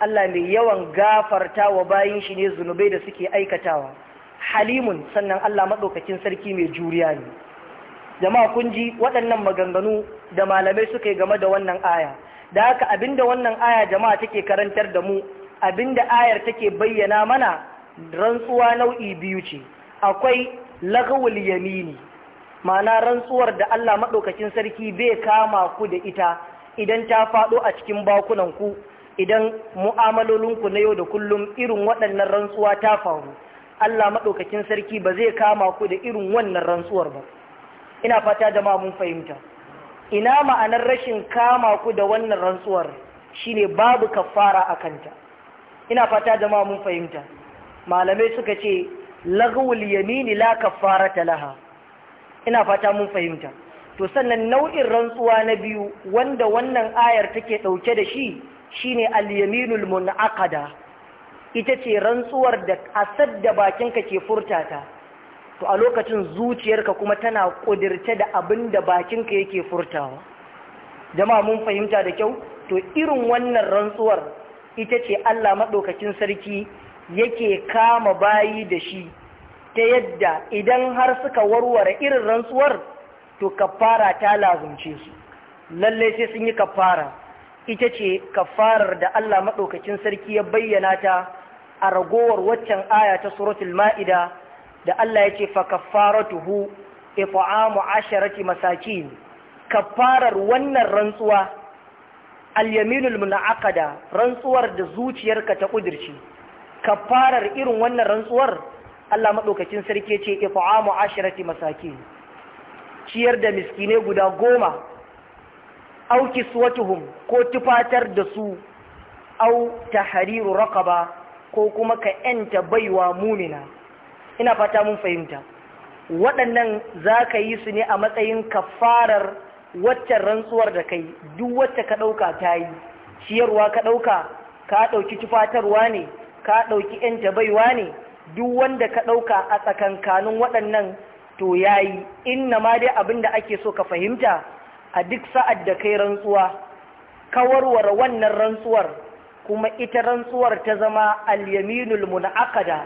Allah mai yawan gafarta wa bayin shi ne zunubai da suke aikatawa halimun sannan Allah maɗaukakin sarki mai juriya ne jama'a kun ji waɗannan maganganu da malamai suka yi game da wannan aya da haka abinda wannan aya jama'a take karantar da mu abinda ayar take bayyana mana rantsuwa nau'i biyu ce akwai lagawul yamini ma'ana rantsuwar da Allah maɗaukakin sarki bai kama ku da ita idan ta faɗo a cikin bakunanku idan mu'amalolinku na yau da kullum irin waɗannan rantsuwa ta faru Allah maɗaukakin sarki ba zai kama ku da irin wannan rantsuwar ba ina fata ma mun fahimta ina ma'anar rashin kama ku da wannan rantsuwar shine babu kafara a kanta ina fata ma mun fahimta malamai suka ce laghwul yamini la kafarata laha ina fata mun fahimta to sannan nau'in rantsuwa na biyu wanda wannan ayar take ɗauke da shi shine al-yaminul munaqada ita ce rantsuwar da asad da bakinka ke furtata, to a lokacin zuciyarka kuma tana kudirce da abinda da bakinka yake furtawa jama'a mun fahimta da kyau to irin wannan rantsuwar ita ce Allah maɗaukakin sarki yake kama bayi da shi ta yadda idan har suka warware irin rantsuwar to kafara ta lazumce su lalle sai sun yi kafara ita ce kafarar da Allah maɗaukakin sarki ya bayyana ta a ragowar waccan aya ta suratul ma'ida da Allah ya ce fa kafaratuhu ifa'amu asharati masakin kafarar wannan rantsuwa al-yaminul munaqada rantsuwar da zuciyarka ta kudirci kafarar irin wannan rantsuwar Allah madaukakin sarki ce ifa'amu asharati masakin ciyar da miskinai guda goma auki suwatuhum ko tufatar da su au tahariru raqaba ko kuma ka yanta baiwa mumina ina fata mun fahimta waɗannan za ka yi su ne a matsayin kafarar waccan rantsuwar da kai duk wacce ka ɗauka ta yi ciyarwa ka ɗauka ka ɗauki tufatarwa ne ka ɗauki yanta baiwa ne duk wanda ka ɗauka a tsakankanin waɗannan to yayi inna ma dai abin da ake so ka fahimta a duk sa'ad da kai rantsuwa Ka warware wannan rantsuwar kuma ita rantsuwar ta zama alyaminul yaminul munaqada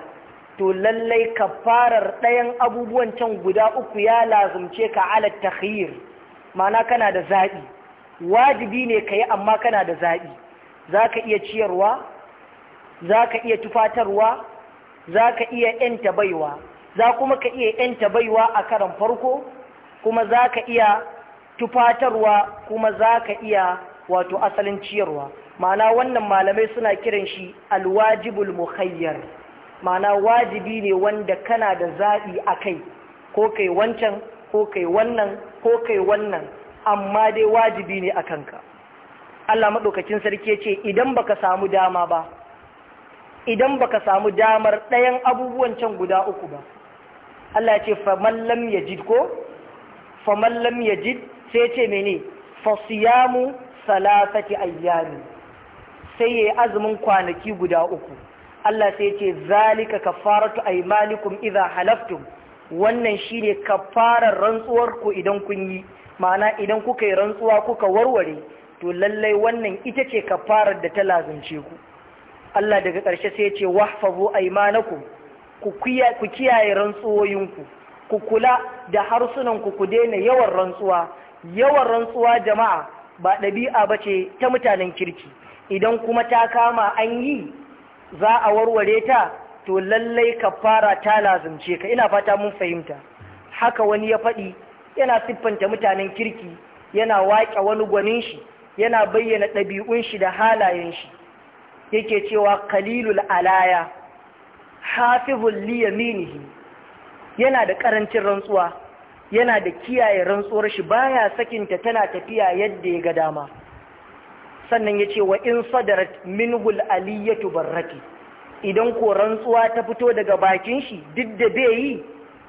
to lallai ka kafarar ɗayan abubuwan can guda uku ya lazumce ka ala takhyir mana kana da zaɓi wajibi ne ka yi amma kana da zaɓi za ka iya ciyarwa za ka iya tufatarwa za ka iya ‘yanta baiwa za kuma ka iya yanta baiwa a karan farko kuma za ka iya tufatarwa kuma za ka iya wato asalin ciyarwa ma'ana wannan malamai suna kiran shi alwajibul muhayyar ma'ana wajibi ne wanda kana da zaɓi a kai ko kai wancan ko kai wannan ko kai wannan amma dai wajibi ne a kanka Allah maɗaukacin sarki ce idan baka samu dama ba idan baka samu damar ɗayan abubuwan can guda uku ba Allah ya ce famallam ya yajid ko famallam ya yajid sai ce mene fasiyamu salasati ayyami sai yayi azumin kwanaki guda uku Allah sai ce zalika kafaratu aymanikum idha halaftum wannan shine kafarar rantsuwar ku idan kun yi ma'ana idan kuka yi rantsuwa kuka warware to lallai wannan ita ce kafarar da ta lazumce ku Allah daga ƙarshe sai ya ce wahfazu aymanakum ku kiyaye rantsuwoyinku ku kula da harsunanku ku daina yawan rantsuwa yawan rantsuwa jama'a ba ɗabi'a ba ce ta mutanen kirki idan kuma ta kama an yi za a warware ta to lallai ka fara ta lazumce ka ina fata mun fahimta haka wani ya faɗi yana siffanta mutanen kirki yana waƙe wani gwanin shi yana bayyana ɗabi'un shi da halayen shi yake cewa kalilul alaya hafizul liyaminihi yana da ƙarancin rantsuwa yana da kiyaye rantsuwar shi baya sakinta tana tafiya yadda ya ga dama sannan ya ce wa in sadarat minhul aliyatu barrati idan ko rantsuwa ta fito daga bakin shi duk da bai yi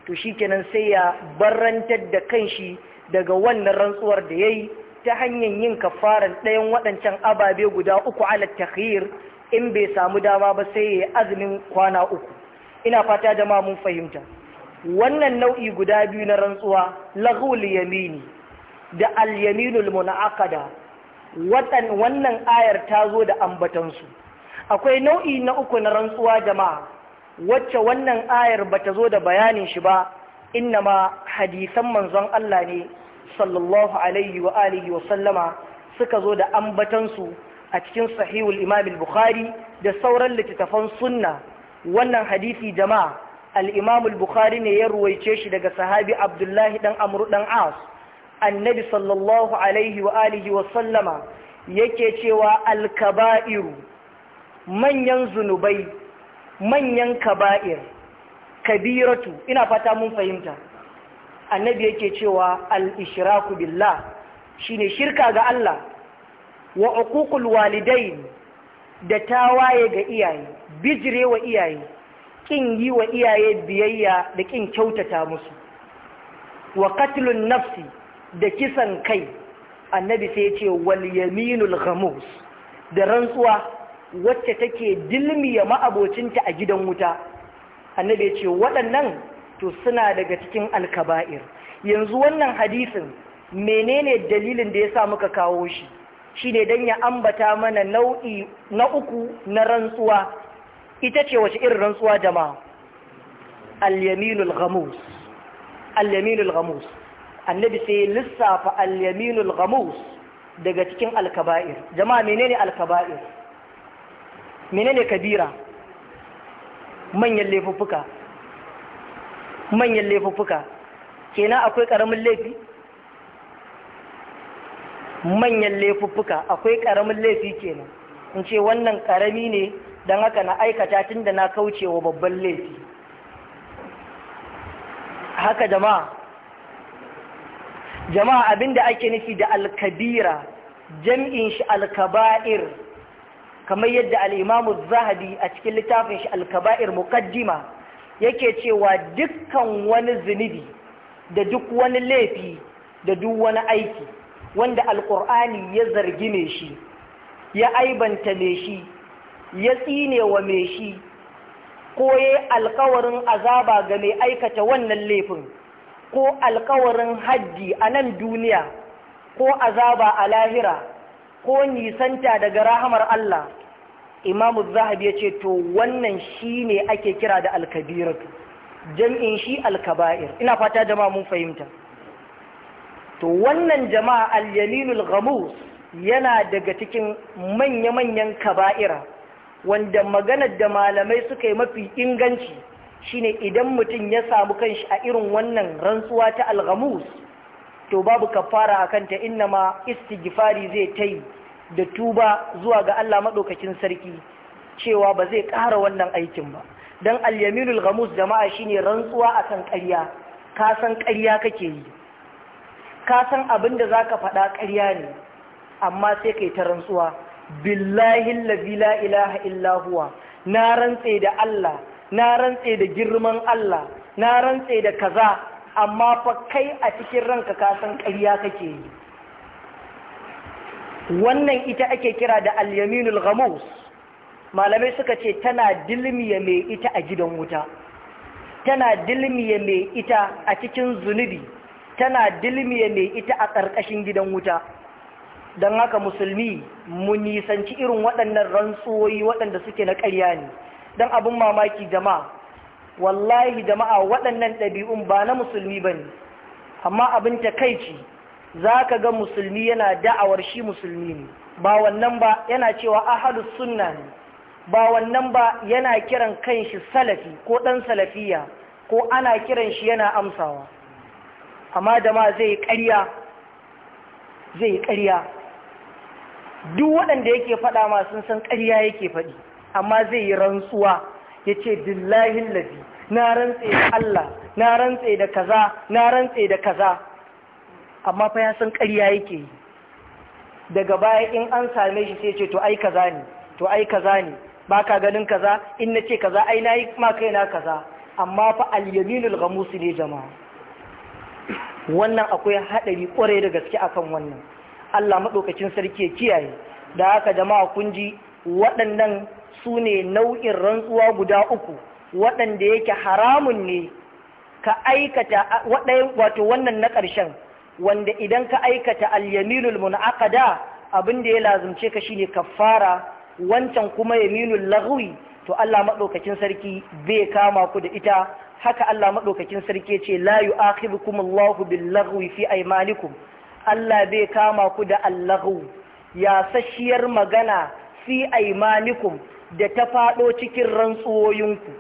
to shikenan sai ya barrantar da kanshi daga wannan rantsuwar da yayi ta hanyar yin kafaran ɗayan waɗancan ababe guda uku ala takhir in bai samu dama ba sai ya azumin kwana uku ina fata jama'a mun fahimta wannan nau'i guda biyu na rantsuwa laghul yamini da al-yaminul munaqada watan wannan ayar ta zo da ambatansu akwai nau'i na uku na rantsuwa jama'a wacce wannan ayar bata zo da bayanin shi ba innama hadisan manzon Allah ne sallallahu alaihi wa alihi wa sallama suka zo da ambatansu a cikin sahihul imam bukhari da sauran littattafan sunna wannan hadisi jama'a al-imam bukhari ne ya ruwaice shi daga sahabi abdullahi dan amru dan as annabi sallallahu alaihi wa alihi wa sallama yake cewa al kabair manyan zunubai manyan kaba'ir kabiratu ina fata mun fahimta annabi yake cewa al-ishraku billah shine shirka ga Allah wa uququl walidain da tawaye ga iyaye bijire wa iyaye kin yi wa iyaye biyayya da kin kyautata musu wa qatlun nafsi da kisan kai annabi sai ya ce wal yaminul ghamus da rantsuwa wacce take dilmiya ma'abocinta a gidan wuta annabi ya ce waɗannan to suna daga cikin alkaba'ir yanzu wannan hadisin menene dalilin da ya sa muka kawo shi shine dan ya ambata mana nau'i na uku na rantsuwa ita ce wace irin rantsuwa jama'a al-yaminul ghamus al-yaminul ghamus annabi sai lissafa al-yaminul ghamus daga cikin al-kaba'ir jama'a menene al-kaba'ir menene kabira manyan laifuffuka manyan laifuffuka kenan akwai karamin laifi manyan laifuffuka akwai ƙaramin laifi kenan in ce wannan ƙarami ne don haka na aikata tun da na kauce wa babban laifi haka jama'a jama'a abinda ake nufi da alkabira jam'in shi alkaba'ir kamar yadda al'imamu zahabi a cikin littafin shi alkaba'ir mukaddima yake cewa dukkan wani zunubi da duk wani laifi da duk wani aiki wanda alƙur'ani ya zargi me shi ya aibanta me shi ya tsine wa mai shi ko ya alkawarin azaba ga mai aikata wannan laifin ko alkawarin haddi a nan duniya ko azaba a lahira ko nisanta daga rahamar Allah imamu zahabi ya ce to wannan shi ne ake kira da alkabiratu jam'in shi alkaba'ir ina fata jama'a mun fahimta to wannan jama'a al ghamus yana daga cikin manya-manyan kaba'ira wanda maganar da malamai suka yi mafi inganci shine idan mutum ya samu kanshi a irin wannan rantsuwa ta al-ghamus to babu kafara akan ta ma istighfari zai tai da tuba zuwa ga Allah madaukakin sarki cewa ba zai ƙara wannan aikin ba dan al ghamus jama'a shine rantsuwa akan ƙarya ka san ƙarya kake yi ka san abin da za ka faɗa ƙarya ne amma sai ka yi ta rantsuwa billahi ilaha na rantse da Allah na rantse da girman Allah na rantse da kaza amma fa kai a cikin ranka ka san ƙarya kake yi wannan ita ake kira da alyaminul gamus malamai suka ce tana dilmiya mai ita a gidan wuta tana dilmiya mai ita a cikin zunubi tana dilmiye mai ita a ƙarƙashin gidan wuta don haka musulmi mu nisanci irin waɗannan rantsuwoyi waɗanda suke na ƙarya ne don abin mamaki jama'a wallahi jama'a waɗannan ɗabi'un ba na musulmi ba ne amma abin takaici za ka ga musulmi yana da'awar shi musulmi ne ba wannan ba yana cewa ahalus sunna ne ba wannan ba yana kiran kanshi salafi ko ɗan salafiya ko ana kiran shi yana amsawa amma da ma zai ƙarya zai ƙarya duk waɗanda yake faɗa ma sun san ƙarya yake faɗi amma zai yi rantsuwa ya ce billahin lafi na rantse da Allah na rantse da kaza na rantse da kaza amma fa ya san ƙarya yake yi daga baya in an same shi sai ce to ai kaza ne to ai kaza ne ba ka ganin kaza in na ce kaza ai na yi ma kaina kaza amma fa al-yaminul ghamus ne jama'a wannan akwai haɗari ƙwarai da gaske akan wannan Allah maɗaukacin sarki ya kiyaye da haka jama'a kun ji waɗannan su ne nau'in rantsuwa guda uku waɗanda yake haramun ne ka aikata waɗayan wato wannan na ƙarshen wanda idan ka aikata alyaminul yaminul munaqada abin da ya lazumce ka shine kaffara wancan kuma yaminul laghwi to Allah maɗaukacin sarki bai kama ku da ita haka Allah maɗaukakin sarki ce la yu'akhidukum Allahu bil-laghwi fi aymanikum Allah bai kama ku da allahu ya sashiyar magana fi aymanikum da ta faɗo cikin rantsuwoyinku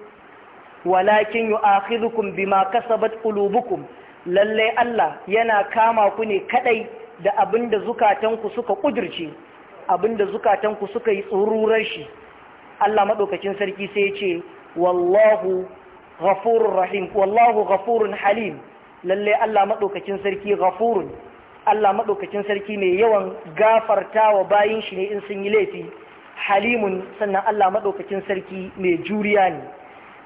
walakin yu'akhidukum bima kasabat qulubukum lalle Allah yana kama ku ne kadai da abinda zukatanku suka kudirce abinda zukatanku suka yi tsururar shi Allah maɗaukacin sarki sai ya ce wallahu ghafurur rahim wallahu ghafurun halim lalle Allah madaukakin sarki ghafurun Allah madaukakin sarki mai yawan gafartawa bayin shi ne in sun yi laifi halimun sannan Allah madaukakin sarki mai juriya ne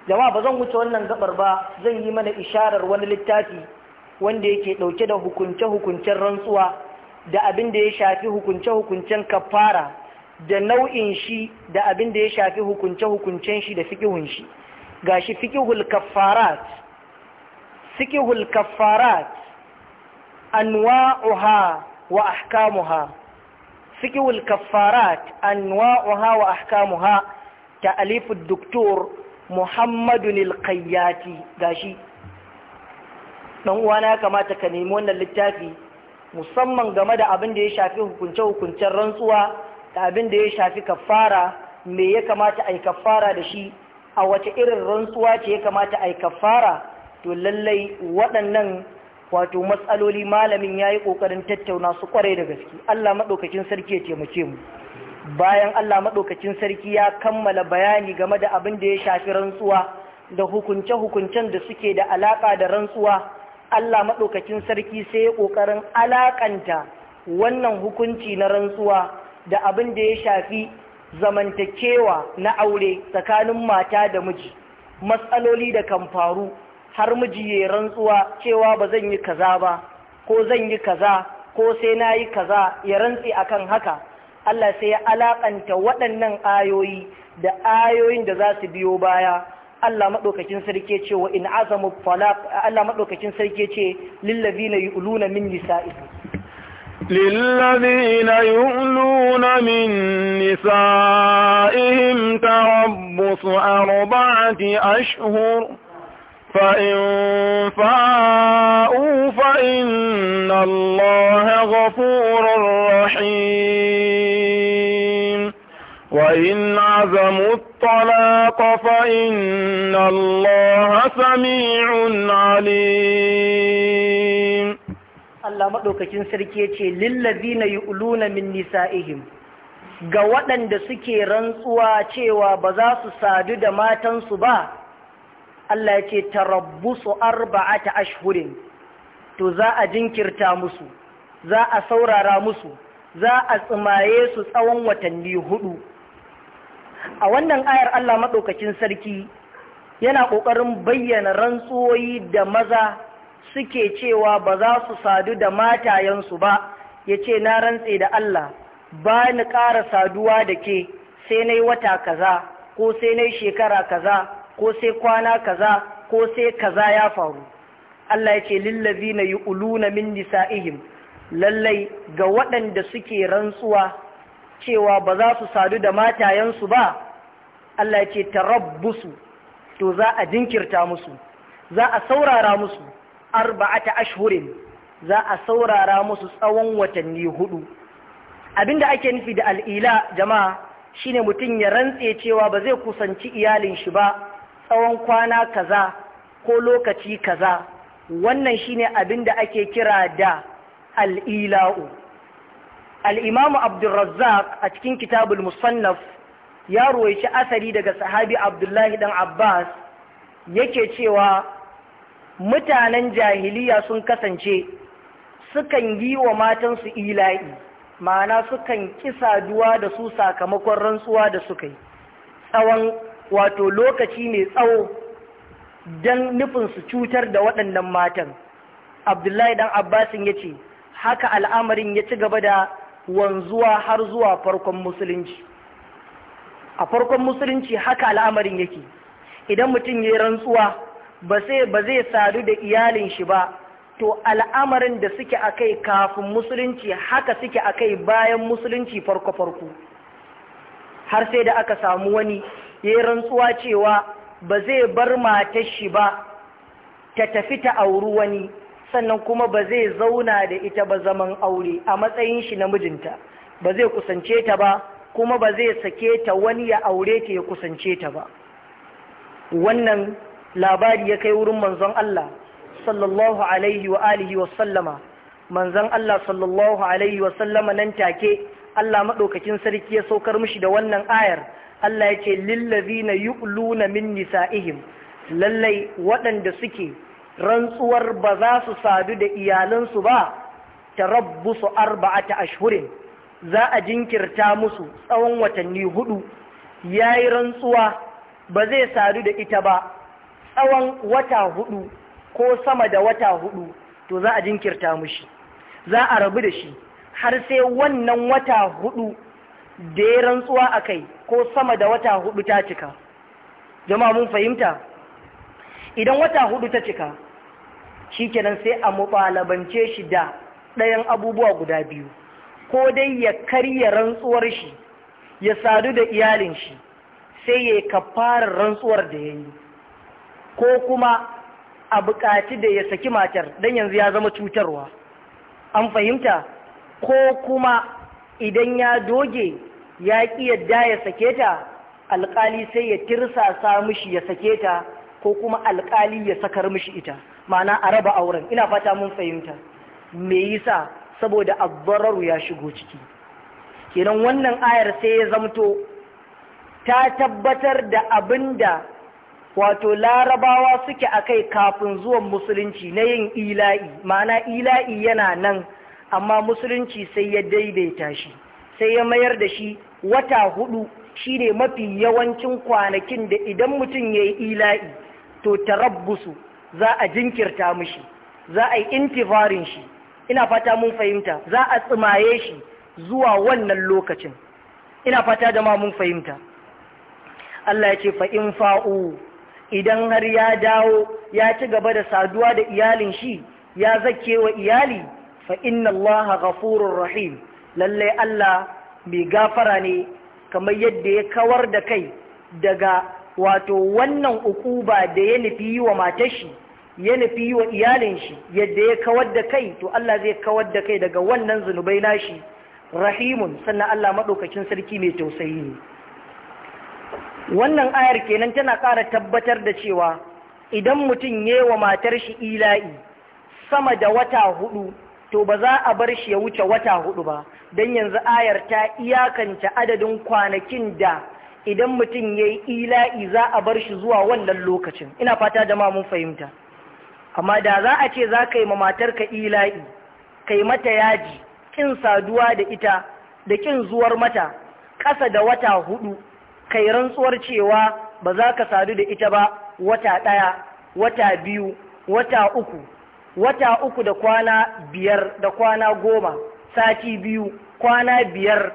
jama'a ba zan wuce wannan gabar ba zan yi mana isharar wani littafi wanda yake dauke da hukunce-hukuncen rantsuwa da abin da ya shafi hukunce-hukuncen kafara da nau'in shi da abin da ya shafi hukunce-hukuncen shi da fiƙihun shi gashi fiqhul kaffarat fiqhul kaffarat anwa'uha wa ahkamuha fiqhul kaffarat anwa'uha wa ahkamuha ta'alifu ad-doktor Muhammadun al-Qayyati gashi dan uwana kamata ka nemi wannan littafi musamman game da abin da ya shafi hukunce-hukuncen rantsuwa da abin da ya shafi kafara me ya kamata a yi kafara da shi a wace irin rantsuwa ce ya kamata a yi kafara to lallai waɗannan wato matsaloli malamin ya yi ƙoƙarin tattauna su ƙwarai da gaske Allah maɗaukacin sarki ya taimake mu bayan Allah maɗaukacin sarki ya kammala bayani game da abin da ya shafi rantsuwa da hukunce-hukuncen da suke da alaƙa da rantsuwa Allah maɗaukacin sarki sai ya ƙoƙarin alaƙanta wannan hukunci na rantsuwa da abin da ya shafi zamantakewa na aure tsakanin mata da miji matsaloli da kan faru har miji ya rantsuwa cewa ba zan yi kaza ba ko zan yi kaza ko sai na yi kaza ya rantsi akan haka Allah sai ya alakanta waɗannan ayoyi da ayoyin da za su biyo baya Allah maɗaukakin sarki ya ce wa in azamu falaq Allah maɗaukakin sarki ya ce lillazina yu'luna min nisa'ikum للذين يؤلون من نسائهم تربص أربعة أشهر فإن فاءوا فإن الله غفور رحيم وإن عزموا الطلاق فإن الله سميع عليم Allah maɗaukakin sarki ya ce na yi uluna min ihim. ga waɗanda suke rantsuwa cewa ba za su sadu da matansu ba Allah ya ce su Arba'a ta ashhurin to za a jinkirta musu za a saurara musu za a tsimaye su tsawon watanni hudu a wannan ayar Allah maɗaukakin sarki yana ƙoƙarin bayyana rantsuwoyi da maza suke cewa ba za su sadu da matayensu ba ya ce na rantse da Allah ba ni ƙara saduwa da ke sai na wata kaza ko sai na shekara kaza ko sai kwana kaza ko sai kaza ya faru Allah ya ce lillazi na yi ulu na min ihim. lallai ga waɗanda suke rantsuwa cewa ba za su sadu da matayensu ba Allah ya ce tarabbusu to za a jinkirta musu za a saurara musu arba'ata ashhurin za a saurara musu tsawon watanni hudu abinda ake nufi da al'ila jama'a shine mutum ya rantse cewa ba zai kusanci iyalin shi ba tsawon kwana kaza ko lokaci kaza wannan shine abinda ake kira da al'ila'u al'imamu abdulrazzaq a cikin kitabul musannaf ya ruwaici asali daga sahabi abdullahi dan abbas yake cewa mutanen jahiliya sun kasance sukan yi wa matansu ila'i ma'ana sukan kisa duwa da su sakamakon rantsuwa da suka yi tsawon wato lokaci ne tsawo don nufin su cutar da waɗannan matan abdullahi dan abbasin ya ce haka al'amarin ya ci gaba da wanzuwa har zuwa farkon musulunci a farkon musulunci haka al'amarin yake idan mutum ya yi rantsuwa ba zai sadu da iyalin shi ba to al'amarin da suke akai kafin musulunci haka suke akai bayan musulunci farko-farko har sai da aka samu wani ya rantsuwa cewa ba zai bar matar shi ba ta tafi ta auri wani sannan kuma ba zai zauna da ita ba zaman aure a matsayin shi na mijinta ba zai kusance ta ba kuma ba zai sake ta wani ya aure ta ya kusance ta ba wannan labari ya kai wurin manzon Allah sallallahu alaihi wa alihi wa sallama manzon Allah sallallahu alaihi wa sallama nan take Allah madaukakin sarki ya saukar mishi da wannan ayar Allah ya ce lillazina yu'luna min nisa'ihim lallai waɗanda suke rantsuwar ba za su sadu da iyalansu ba tarabbusu arba'ata ashhurin za a jinkirta musu tsawon watanni hudu yayi rantsuwa ba zai sadu da ita ba tsawon wata hudu ko sama da wata hudu to za a jinkirta mushi za a rabu da shi har sai wannan wata hudu da ya rantsuwa a kai ko sama da wata hudu ta cika jama mun fahimta idan wata hudu ta cika shi kenan sai a mubalabance shi da ɗayan abubuwa guda biyu ko dai ya karya rantsuwar shi ya sadu da iyalin shi sai ya yi kafarar rantsuwar da ya yi ko kuma a buƙaci da ya saki matar don yanzu ya zama cutarwa an fahimta ko kuma idan ya doge ya ƙi yadda ya sake ta alƙali sai ya tirsasa mishi ya sake ta ko kuma alƙali ya sakar mishi ita ma'ana a raba auren ina fata mun fahimta me yasa saboda abbararu ya shigo ciki kenan wannan ayar sai ya zamto ta tabbatar da abin da wato larabawa suke a kai kafin zuwan musulunci na yin ila'i ma'ana ila'i yana nan amma musulunci sai ya daidaita shi sai ya mayar da shi wata hudu shine mafi yawancin kwanakin da idan mutum ya yi ila'i to tarabbusu za a jinkirta mishi za a yi intifarin shi ina fata mun fahimta za a tsimaye shi zuwa wannan lokacin ina fata da ma mun fahimta Allah ya ce fa fa'u idan har ya dawo ya ci gaba da saduwa da iyalin shi ya zake wa iyali fa inna Allah ghafurur rahim lalle Allah mai gafara ne kamar yadda ya kawar da kai daga wato wannan ukuba da ya nufi yi wa matar shi ya nufi wa iyalin shi yadda ya kawar da kai to Allah zai kawar da kai daga wannan zunubai nashi rahimun sannan Allah madaukakin sarki mai tausayi ne wannan ayar kenan tana ƙara tabbatar da cewa idan mutum ya wa matar shi ila'i sama da wata hudu to ba za a bar shi ya wuce wata hudu ba don yanzu ayar ta iyakanta adadin kwanakin da idan mutum ya yi ila'i za a bar shi zuwa wannan lokacin ina fata ma mun fahimta amma da za a ce za ka yi ma ka ila'i kai mata yaji kin saduwa da ita da kin zuwar mata ƙasa da wata hudu kai rantsuwar cewa ba za ka sadu da ita ba wata ɗaya wata biyu wata uku wata uku da kwana biyar da kwana goma sati biyu kwana biyar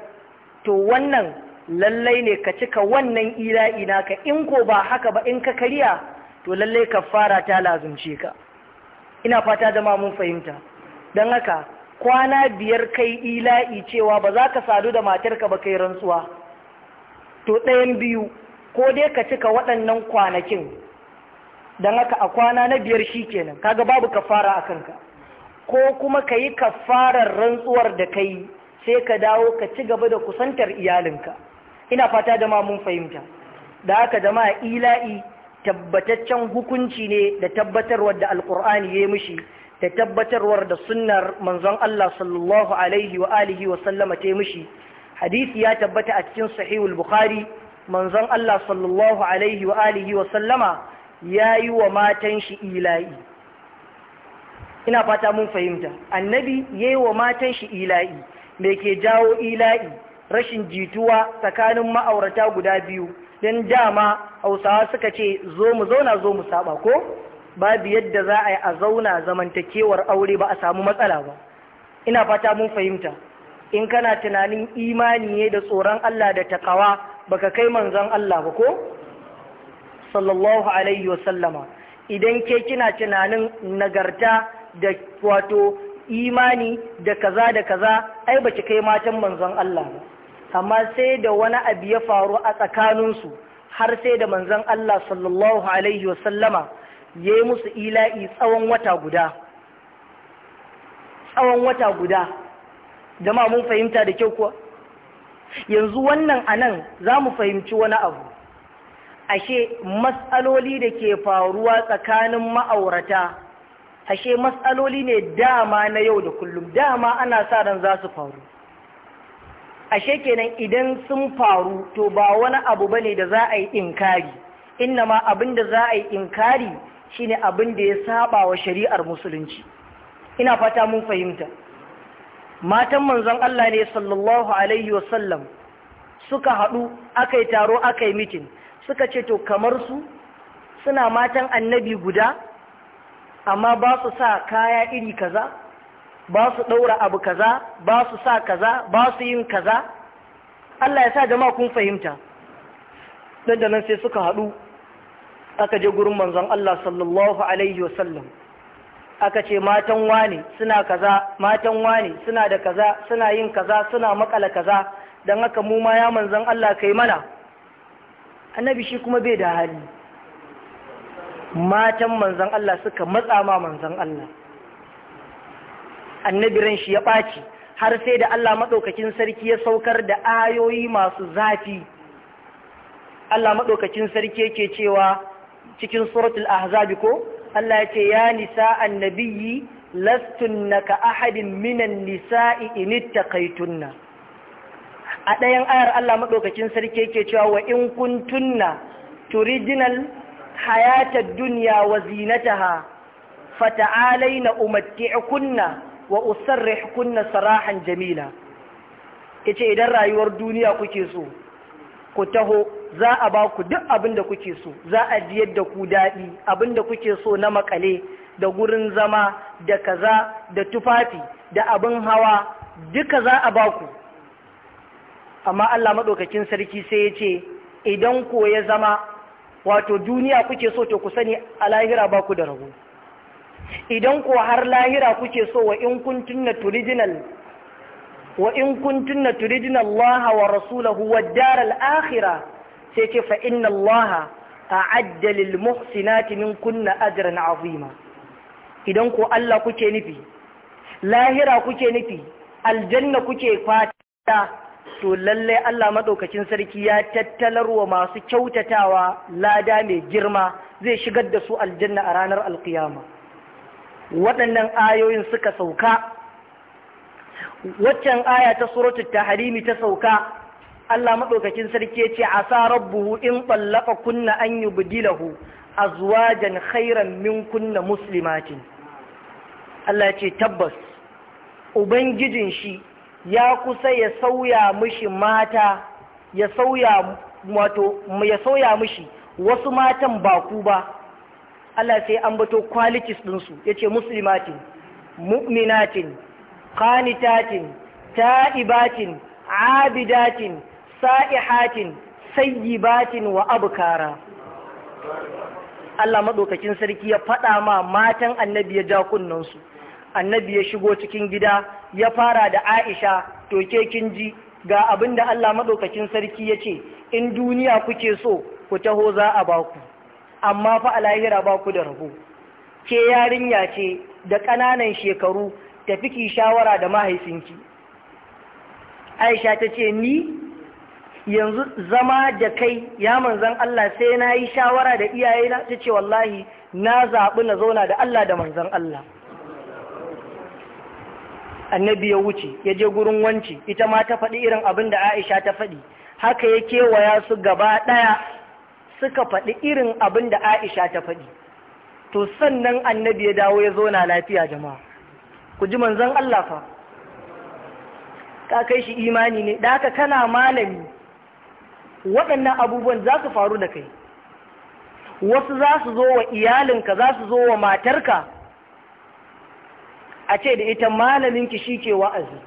to wannan lallai ne ka cika wannan ila'i naka in ko ba haka ba in ka kariya, to lallai ka fara ta lazumce ka ina fata zama mun fahimta don haka kwana biyar kai ila'i cewa ba za ka sadu da matarka ba kai rantsuwa to ɗayan biyu ko dai ka cika waɗannan kwanakin don haka a kwana na biyar shi kenan kaga babu kafara a kanka ko kuma ka yi kafarar rantsuwar da ka yi sai ka dawo ka ci gaba da kusantar iyalinka ina fata da ma mun fahimta da haka da ma ila'i tabbataccen hukunci ne da tabbatarwar da alkur'ani ya yi mishi da tabbatarwar da sunnar manzon Allah sallallahu alaihi wa alihi wa sallama ta yi mishi hadisi ya tabbata a cikin sahihul bukhari manzon Allah sallallahu alaihi wa alihi wa sallama yayi wa matan shi ila'i ina fata mun fahimta annabi yayi wa matan shi ila'i me ke jawo ila'i rashin jituwa tsakanin ma'aurata guda biyu dan dama hausawa suka ce zo mu zauna zo mu saba ko babu yadda za a yi a zauna zamantakewar aure ba a samu matsala ba ina fata mun fahimta in kana tunanin imani ne da tsoron Allah da takawa baka kai manzon Allah ba ko sallallahu alaihi wasallama idan ke kina tunanin nagarta da wato imani da kaza da kaza ai baki kai matan manzon Allah ba amma sai da wani abu ya faru a tsakaninsu har sai da manzon Allah sallallahu alaihi wasallama ya yi musu ila'i tsawon wata guda tsawon wata guda jama mun fahimta da kyau kuwa yanzu wannan anan za mu fahimci wani abu ashe matsaloli da ke faruwa tsakanin ma'aurata ashe matsaloli ne dama na yau da kullum dama ana sa ran za su faru ashe kenan idan sun faru to ba wani abu bane da za a yi inkari innama abin da za a yi inkari shine abin da ya saba wa shari'ar musulunci ina fata mun fahimta matan manzon Allah ne sallallahu alaihi wasallam suka haɗu aka yi taro aka yi mitin suka ce to kamar su suna matan annabi guda amma ba su sa kaya iri kaza ba su ɗaura abu kaza ba su sa kaza ba su yin kaza Allah ya sa jama'a kun fahimta nan sai suka haɗu aka je gurin manzon Allah sallallahu alaihi wasallam aka ce matan wane suna kaza matan wane suna da kaza suna yin kaza suna makala kaza don haka mu ma ya manzan Allah kai mana annabi shi kuma bai da hali matan manzan Allah suka matsa ma manzan Allah annabi ran shi ya ɓaci har sai da Allah maɗaukakin sarki ya saukar da ayoyi masu zafi Allah maɗaukakin sarki yake cewa cikin suratul ahzabi ko Allah ya ce ya nisa annabiyyi lastunnaka ka ahadin minan nisa'i in ittaqaytunna a ɗayan ayar Allah maɗaukacin sarki yake cewa wa in kuntunna turidinal hayatad dunya wa zinataha fata'alaina umatti'kunna wa usarrihkunna sarahan jamila yace idan rayuwar duniya kuke so ku taho za a ba ku duk abin da kuke so za a jiyar da ku daɗi abin da kuke so na makale da gurin zama da kaza da tufafi da abin hawa duka za a ba ku amma Allah maɗaukakin sarki sai ya ce idan ko ya zama wato duniya kuke so to ku sani a lahira ba ku da rabu idan ko har lahira kuke so wa in kun tunna turijinal wa in kun tunna turijinal Allah wa rasulahu wa daral akhirah sai ce fa inna allaha a lil muhsinati min kunna ajran azima idan ko Allah kuke nufi lahira kuke nufi aljanna kuke fata to lalle Allah madaukakin sarki ya tattalarwa masu kyautatawa lada mai girma zai shigar da su aljanna a ranar alkiyama waɗannan ayoyin suka sauka waccan aya ta suratul tahrimi ta sauka Allah maɗaukakin sarki ya a sa rabbuhu in ɓallaɓa kunna an zuwa jan khairan min kunna muslimatin Allah ce tabbas ubangijin shi ya kusa ya sauya mishi mata ya sauya wato ya sauya mishi wasu matan baku ba Allah sai an bato qualities ɗinsu ya ce muslimatin mu'minatin qanitatin ta'ibatin abidatin sa'ihatin batin wa abu kara Allah maɗaukakin sarki ya faɗa ma matan annabi ya ja kunnansu annabi ya shigo cikin gida ya fara da aisha to ke kin ji ga abin da Allah maɗaukakin sarki ya ce in duniya kuke so ku taho za a baku amma fa a lahira baku da rabo ke yarinya ce da ƙananan shekaru tafi ki shawara da mahaifinki aisha ta ce ni yanzu zama da kai ya manzan Allah sai na yi shawara da iyaye na ta ce wallahi na zaɓi na zauna da Allah da manzan Allah annabi ya wuce ya je gurin wanci ita ma ta faɗi irin abin da Aisha ta faɗi haka ya kewaya su gaba ɗaya suka faɗi irin abin da Aisha ta faɗi to sannan annabi ya dawo ya zauna lafiya jama'a ku ji manzan Allah fa ka kai shi imani ne da haka kana malami waɗannan abubuwan za su faru da kai wasu za su zo wa iyalinka za su zo wa matarka a ce da ita malaminki shi ke wa'azi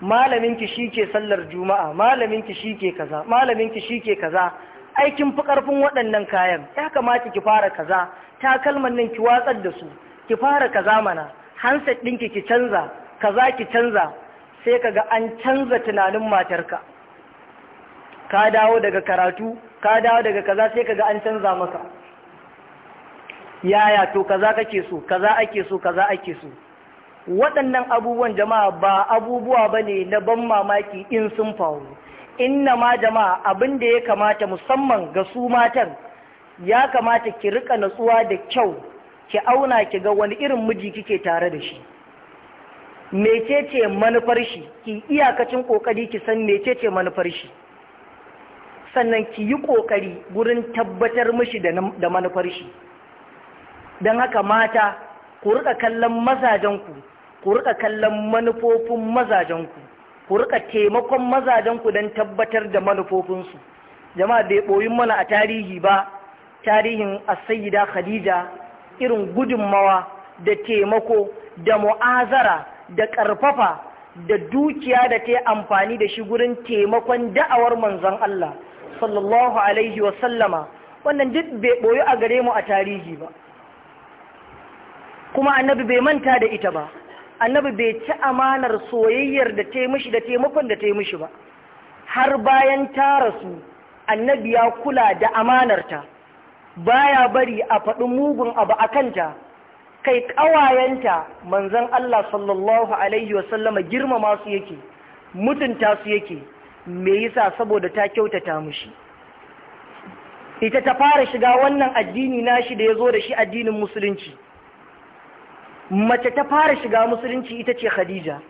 malaminki shi ke sallar juma'a malaminki shi ke kaza malaminki shi ke kaza aikin fi ƙarfin waɗannan kayan ya kamata ki fara kaza takalman nan ki watsar da su ki fara kaza mana Hansa ɗinki ki canza kaza ki canza sai ka ga an canza tunanin matarka ka dawo daga karatu ka dawo daga kaza sai kaga an canza maka yaya to kaza kake so kaza ake so kaza ake so waɗannan abubuwan jama'a ba abubuwa bane na ban mamaki in sun faru inna ma jama'a abin da ya kamata musamman ga su matan ya kamata ki rika natsuwa da kyau ki auna ki ga wani irin miji kike tare da shi mecece manufar shi ki iyakacin ƙoƙari ki san mecece manufar shi sannan ki yi ƙoƙari gurin tabbatar mishi da manufar shi don haka mata ku riƙa kallon mazajenku ku riƙa kallon manufofin mazajenku ku riƙa taimakon mazajenku don tabbatar da manufofinsu jama'a bai ɓoyi mana a tarihi ba tarihin asayida khadija irin gudunmawa da taimako da mu'azara da ƙarfafa da dukiya da ta yi amfani da shi gurin taimakon da'awar manzon Allah sallallahu alaihi wasallama wannan duk bai ɓoyi a gare mu a tarihi ba kuma annabi bai manta da ita ba annabi bai ci amanar soyayyar da ta mishi da taimakon da ta mishi ba har bayan ta rasu annabi ya kula da amanarta baya bari a faɗi mugun abu a kanta kai ƙawayenta manzon Allah sallallahu alaihi wasallama girmama su yake mutunta su yake me yasa saboda ta kyautata mushi ita ta fara shiga wannan addini nashi da ya zo da shi addinin musulunci mace ta fara shiga musulunci ita ce khadija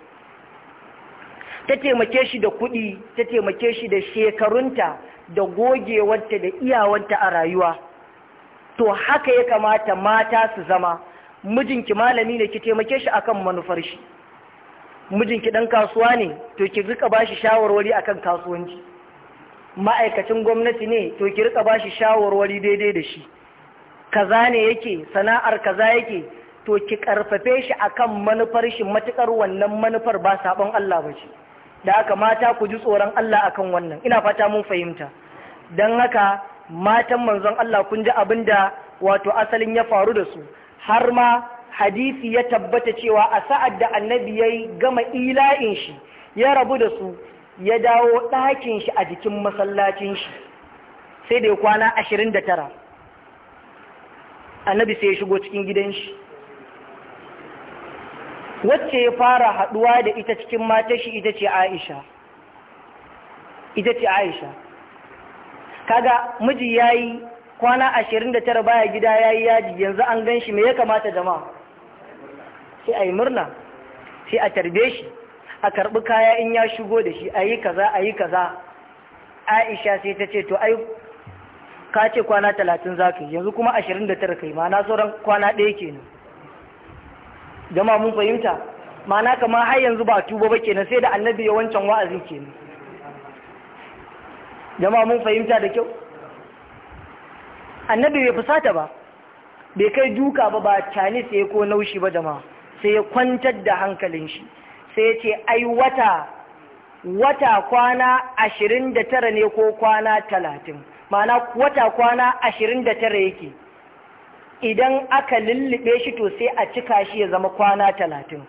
ta taimake shi da kuɗi ta taimake shi da shekarunta da gogewarta da iyawanta a rayuwa to haka ya kamata mata su zama mijinki malami ne ki taimake shi akan manufar shi mijinki ɗan kasuwa ne to ki rika bashi shawarwari akan kasuwanci ma'aikacin gwamnati ne to ki rika bashi shawarwari daidai da shi kaza ne yake sana'ar kaza yake to ki karfafe shi akan manufar shi matukar wannan manufar ba sabon Allah ba ce da aka mata ku ji tsoron Allah akan wannan ina fata mun fahimta dan haka matan manzon Allah kun ji abinda wato asalin ya faru da su har ma hadisi ya tabbata cewa a sa'ad da annabi ya gama ila'in shi ya rabu da su ya dawo ɗakin shi a jikin masallacin shi sai da ya kwana ashirin da tara annabi sai ya shigo cikin gidan shi wacce ya fara haɗuwa da ita cikin mata shi ita ce aisha ita ce aisha kaga miji ya yi kwana ashirin da tara baya gida ya yi yaji yanzu an gan shi me ya kamata jama'a sai a yi murna sai a tarbe shi a karɓi kaya in ya shigo da shi a yi kaza a yi kaza aisha sai ta ce to ai ka ce kwana talatin za ka yi yanzu kuma ashirin da tara kai mana sauran kwana ɗaya nan jama mun fahimta mana kama har yanzu ba tuba ba kenan sai da annabi ya wancan wa'azin kenan jama mun fahimta da kyau annabi bai fusata ba bai kai duka ba ba canis ya ko naushi ba jama'a sai ya kwantar da hankalin shi sai ya ce ai wata wata kwana ashirin da tara ne ko kwana talatin ma'ana wata kwana ashirin da tara yake idan aka lullube shi to sai a cika shi ya zama kwana talatin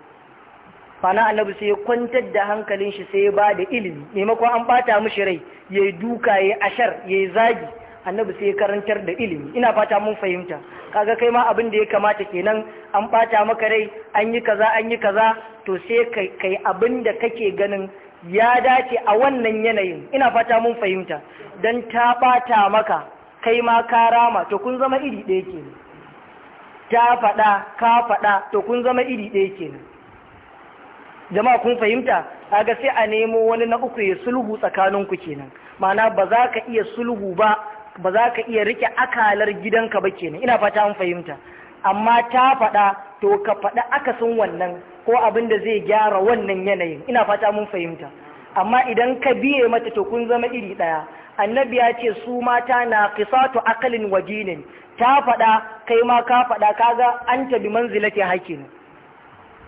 fana annabi sai ya kwantar da hankalin shi sai ya ba da ilimi maimakon an bata mishi rai ya yi duka ya yi ashar ya yi zagi annabi sai ya karantar da ilimi ina fata mun fahimta kaga kai ma abin da ya kamata kenan an bata maka rai an yi kaza an yi kaza to sai kai abin da kake ganin ya dace a wannan yanayin ina fata mun fahimta dan ta bata maka kai ma ka rama to kun zama iri ɗaya kenan ta faɗa ka faɗa to kun zama iri ɗaya kenan jama'a kun fahimta kaga sai a nemo wani na uku ya sulhu tsakaninku kenan ma'ana ba za ka iya sulhu ba ba za ka iya rike akalar gidanka ba kenan ina fata an fahimta amma ta faɗa to ka faɗa akasin wannan ko abin da zai gyara wannan yanayin ina fata mun fahimta amma idan ka biye mata to kun zama iri ɗaya annabi ya ce su mata na qisatu aqlin wa dinin ta faɗa kai ma ka faɗa kaga an tabi manzilati hakin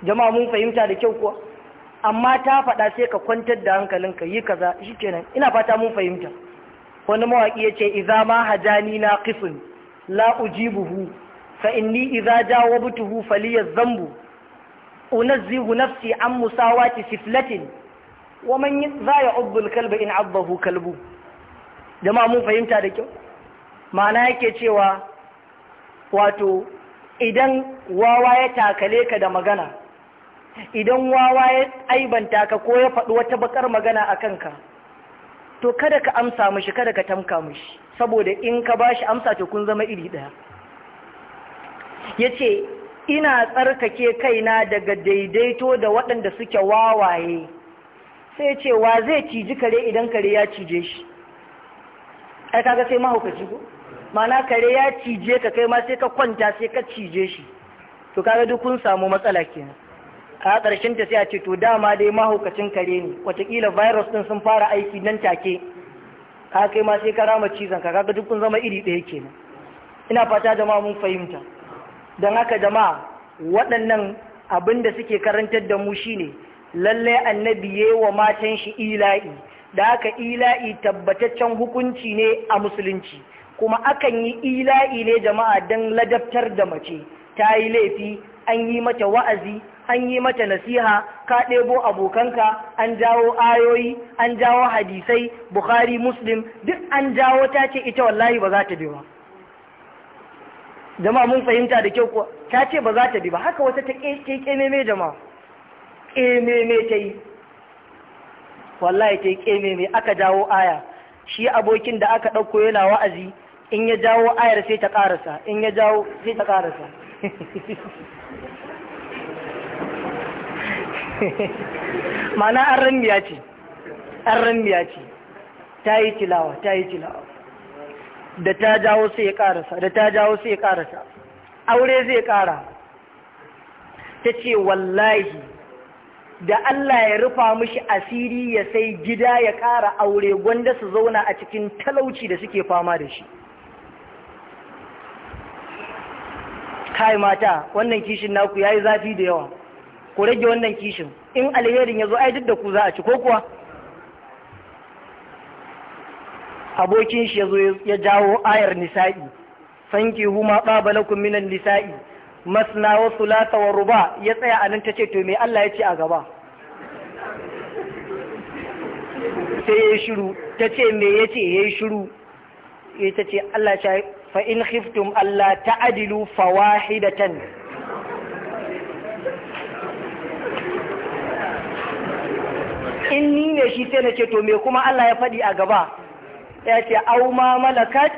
jama'a mun fahimta da kyau ko amma ta faɗa sai ka kwantar da hankalinka yi kaza shikenan ina fata mun fahimta wani mawaƙi ya ce iza ma hajani na kisun la ujibuhu fa inni iza jawo butuhu faliyar zambu unazzihu nafsi an musawati siflatin wa man za ya ubbul kalba in abbahu kalbu mun fahimta da kyau ma'ana yake cewa wato idan wawa ya takale ka da magana idan wawa ya aibanta ka ko ya faɗi wata bakar magana a kanka to kada ka amsa mashi, kada ka tamka mashi, saboda in ka bashi amsa to kun zama iri ɗaya yace ina tsarkake kaina daga daidaito da waɗanda suke wawaye sai ce wa zai ciji kare idan kare ya cije shi ai kaga sai mahaukaci ko mana kare ya cije ka kai ma sai ka kwanta sai ka cije shi to kaga duk kun samu matsala kenan a ƙarshen ta sai a ce to dama dai mahaukacin kare ne watakila virus ɗin sun fara aiki nan take ka kai ma sai ka ma cizon ka kaga duk zama iri ɗaya kenan ina fata jama'a mun fahimta don haka jama'a waɗannan abin da suke karantar da mu shine lallai annabi ya wa matan shi ila'i da haka ila'i tabbataccen hukunci ne a musulunci kuma akan yi ila'i ne jama'a don ladabtar da mace ta yi laifi an yi mata wa'azi an yi mata nasiha ka ɗebo abokanka an jawo ayoyi an jawo hadisai bukhari muslim duk an jawo ta ce ita wallahi ba za ta bi ba jama'a mun fahimta da kyau kuwa ta ce ba za ta bi ba haka wata ta kememe jama'a kememe ta yi wallahi ta yi kememe aka jawo aya shi abokin da aka ɗauko yana wa'azi in ya jawo ayar sai ta ƙarasa in ya jawo sai ta ƙarasa mana an ranniya ce an ranniya ce ta yi tilawa ta yi tilawa da ta jawo sai ya karasa da ta jawo sai ya karasa aure zai kara ta ce wallahi da Allah ya rufa mishi asiri ya sai gida ya kara aure gwanda su zauna a cikin talauci da suke fama da shi kai mata wannan kishin naku yayi zafi da yawa ku rage wannan kishin in alherin ya zo ai duk da ku za a ci ko kuwa abokin shi ya ya jawo ayar nisa'i sanki huma babalakum minan nisa'i masna wa thulatha wa ruba ya tsaya anan tace to me Allah ya ce a gaba sai ya shiru tace me yace ya shiru ita ce Allah ya fa in khiftum alla ta'dilu fawahidatan in ni ne shi sai na ce to me kuma Allah ya faɗi a gaba ya ce au ma malakat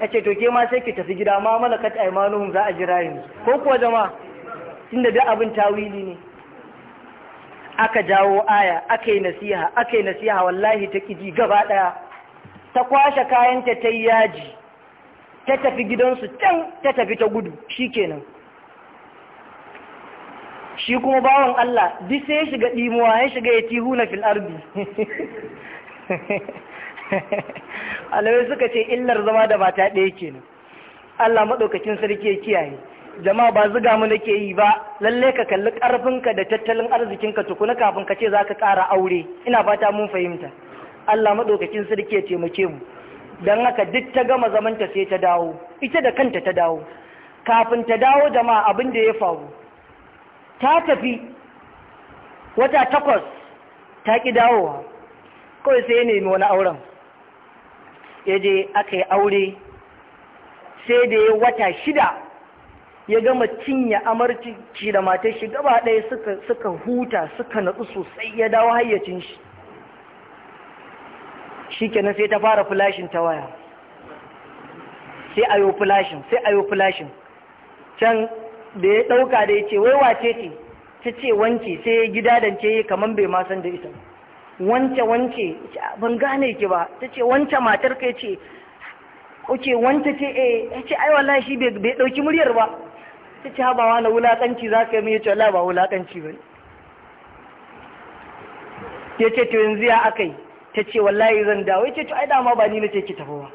ya ce to ma sai ki tafi gida ma malakat imanuhun za a ji rayu ko kuwa zama tunda da abin tawili ne aka jawo aya aka yi nasiha aka yi nasiha wallahi ta kiji gaba ɗaya ta kwashe kayanta ta yi yaji ta tafi gidansu can ta tafi ta gudu shi kenan. shi kuma bawan Allah duk sai ya shiga ɗimuwa ya shiga ya tihu na fil alawai suka ce illar zama da mata ɗaya nan. Allah maɗaukacin sarki ya kiyaye jama'a ba zuga mu nake yi ba lalle ka kalli ƙarfinka da tattalin arzikinka tukuna kafin ka ce za ka ƙara aure ina fata mun fahimta Allah maɗaukacin sarki ya taimake mu Dan haka duk ta gama zamanta sai ta dawo ita da kanta ta dawo kafin ta dawo jama'a abin da ya faru ta tafi wata takwas ta ƙi dawowa kawai sai ya nemi wani auren ya je aka yi aure sai da ya wata shida ya gama cinye amarci da matar shi gaba ɗaya suka huta suka natsu sosai ya dawo hayyacin shi shi sai ta fara flashin ta waya sai ayo flashin sai ayo flashin can da ya ɗauka da ya ce wai wace ce ta ce wance sai gida da ce kamar bai ma san da ita wance wance ban gane ki ba ta ce wance matar kai ce oke wance ce eh ya ce ai wallahi shi bai ɗauki muryar ba ta ce haɓawa na wulaƙanci za ka yi mai ce wallahi ba wulaƙanci ba ya ce to yanzu ya aka yi ta ce wallahi zan dawo ya ce to ai dama ba ni na ce ki tafi ba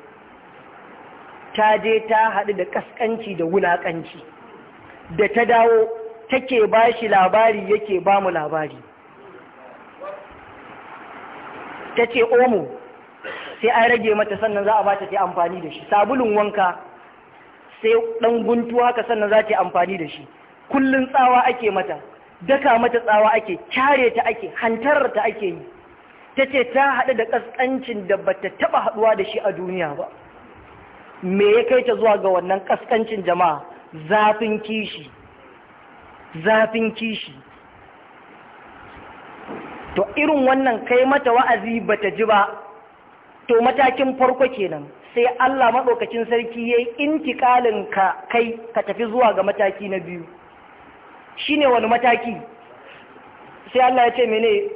ta je ta haɗu da ƙasƙanci da wulaƙanci da ta dawo take ba shi labari yake ba mu labari ta ce omo sai an rage mata sannan za a ba ta ce amfani da shi sabulun wanka sai ɗan guntuwa haka sannan za ta amfani da shi kullum tsawa ake mata daka mata tsawa ake kyare ta ake hantarar ta ake yi ta ce ta haɗu da ƙasƙancin da ba ta taɓa haɗuwa da shi a duniya ba me ya kai ta zuwa ga wannan ƙasƙancin jama'a zafin kishi zafin kishi to irin wannan kai mata wa'azi bata ji ba to matakin farko kenan sai Allah maɗaukacin sarki yayi intikalin ka kai ka tafi zuwa ga mataki na biyu shine wani mataki sai Allah ya ce mene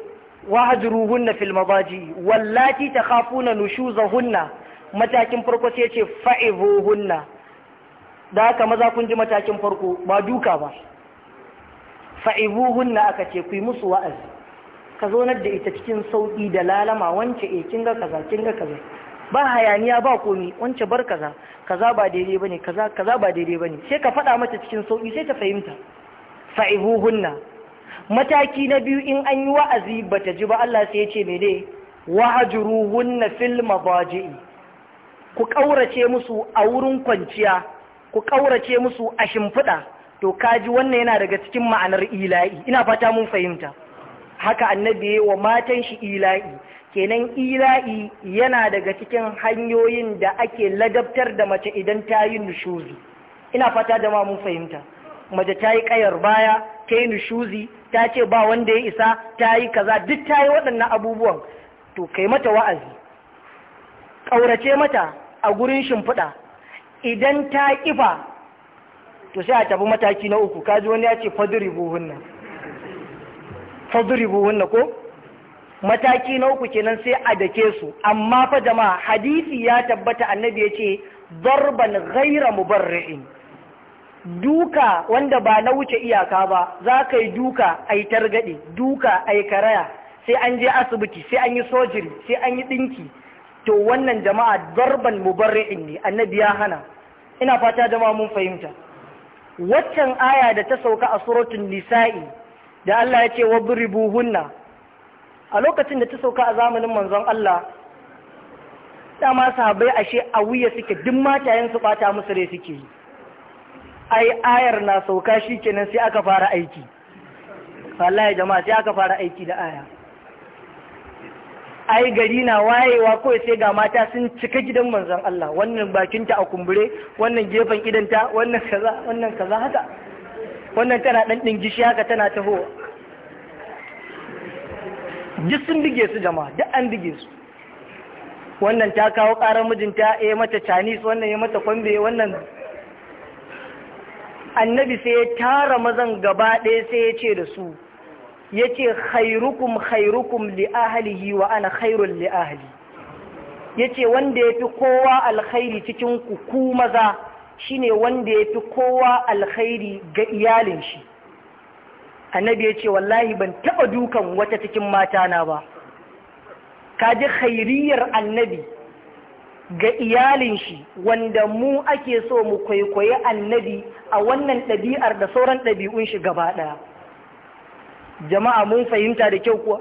wahajruhunna fil mabaji wallati takhafuna nushuzahunna matakin farko sai ya ce fa'ibuhunna da aka maza kun ji matakin farko ba duka ba hunna aka ce kuyi musu wa'azi ka zonar da ita cikin sauƙi da lalama wance e eh, kinga kaza kinga kaza ba hayaniya ba komi wance bar kaza kaza ba daidai bane kaza kaza ba daidai bane sai ka faɗa mata cikin sauƙi sai ta fahimta hunna mataki na biyu in an yi wa'azi bata ji ba Allah sai ya ce me dai wahjuruhunna fil mabaji'i ku kaurace musu a wurin kwanciya ku ƙaurace musu a shimfiɗa to kaji wannan yana daga cikin ma'anar ila'i ina fata mun fahimta haka annabi wa matan shi ila'i kenan ila'i yana daga cikin hanyoyin da ake ladabtar da mace idan ta yi nushuzi ina fata da ma mun fahimta mace ta yi ƙayar baya ta yi nushuzi ta ce ba wanda ya isa ta yi kaza duk ta yi waɗannan abubuwan to kai mata wa'azi ƙaurace mata a gurin shimfiɗa idan ta kifa to sai a tafi mataki na uku kaji wani ya ce fadribu hunna ko mataki na uku kenan sai a dake su amma fa jama'a hadisi ya tabbata annabi ya ce darban ghaira mubarri'in duka wanda ba na wuce iyaka ba za ka yi duka a yi targaɗe duka a yi karaya sai an je asibiti sai an yi sojiri sai an yi ɗinki to wannan jama'a zarban mubarri'in ne annabi ya hana ina fata jama'a mun fahimta waccan aya da ta sauka a suratul nisa'i da Allah ya ce wabribuhunna a lokacin da ta sauka a zamanin manzon Allah dama sahabbai ashe a wuya suke duk matayen su bata musu rai suke yi ai ayar na sauka shikenan sai aka fara aiki wallahi jama'a sai aka fara aiki da aya ai gari na wayewa kawai sai ga mata sun cika gidan manzon Allah wannan bakinta a kumbure wannan gefen idanta wannan kaza wannan kaza haka wannan tana dan dingishi haka tana taho duk sun bige su jama'a duk an bige su wannan ta kawo karar mijinta ya mata Chinese wannan ya mata kwambe wannan annabi sai ya tara mazan gaba ɗaya sai ya ce da su yace khairukum khairukum li ahlihi wa ana khairul li ahli yace wanda yafi kowa alkhairi cikin ku ku maza shine wanda yafi kowa alkhairi ga iyalin shi annabi yace wallahi ban taba dukan wata cikin mata na ba kaji khairiyar annabi ga iyalin shi wanda mu ake so mu kwaikwayi annabi a wannan ɗabi'ar da sauran ɗabi'un shi gaba ɗaya jama'a mun fahimta da kyau kuwa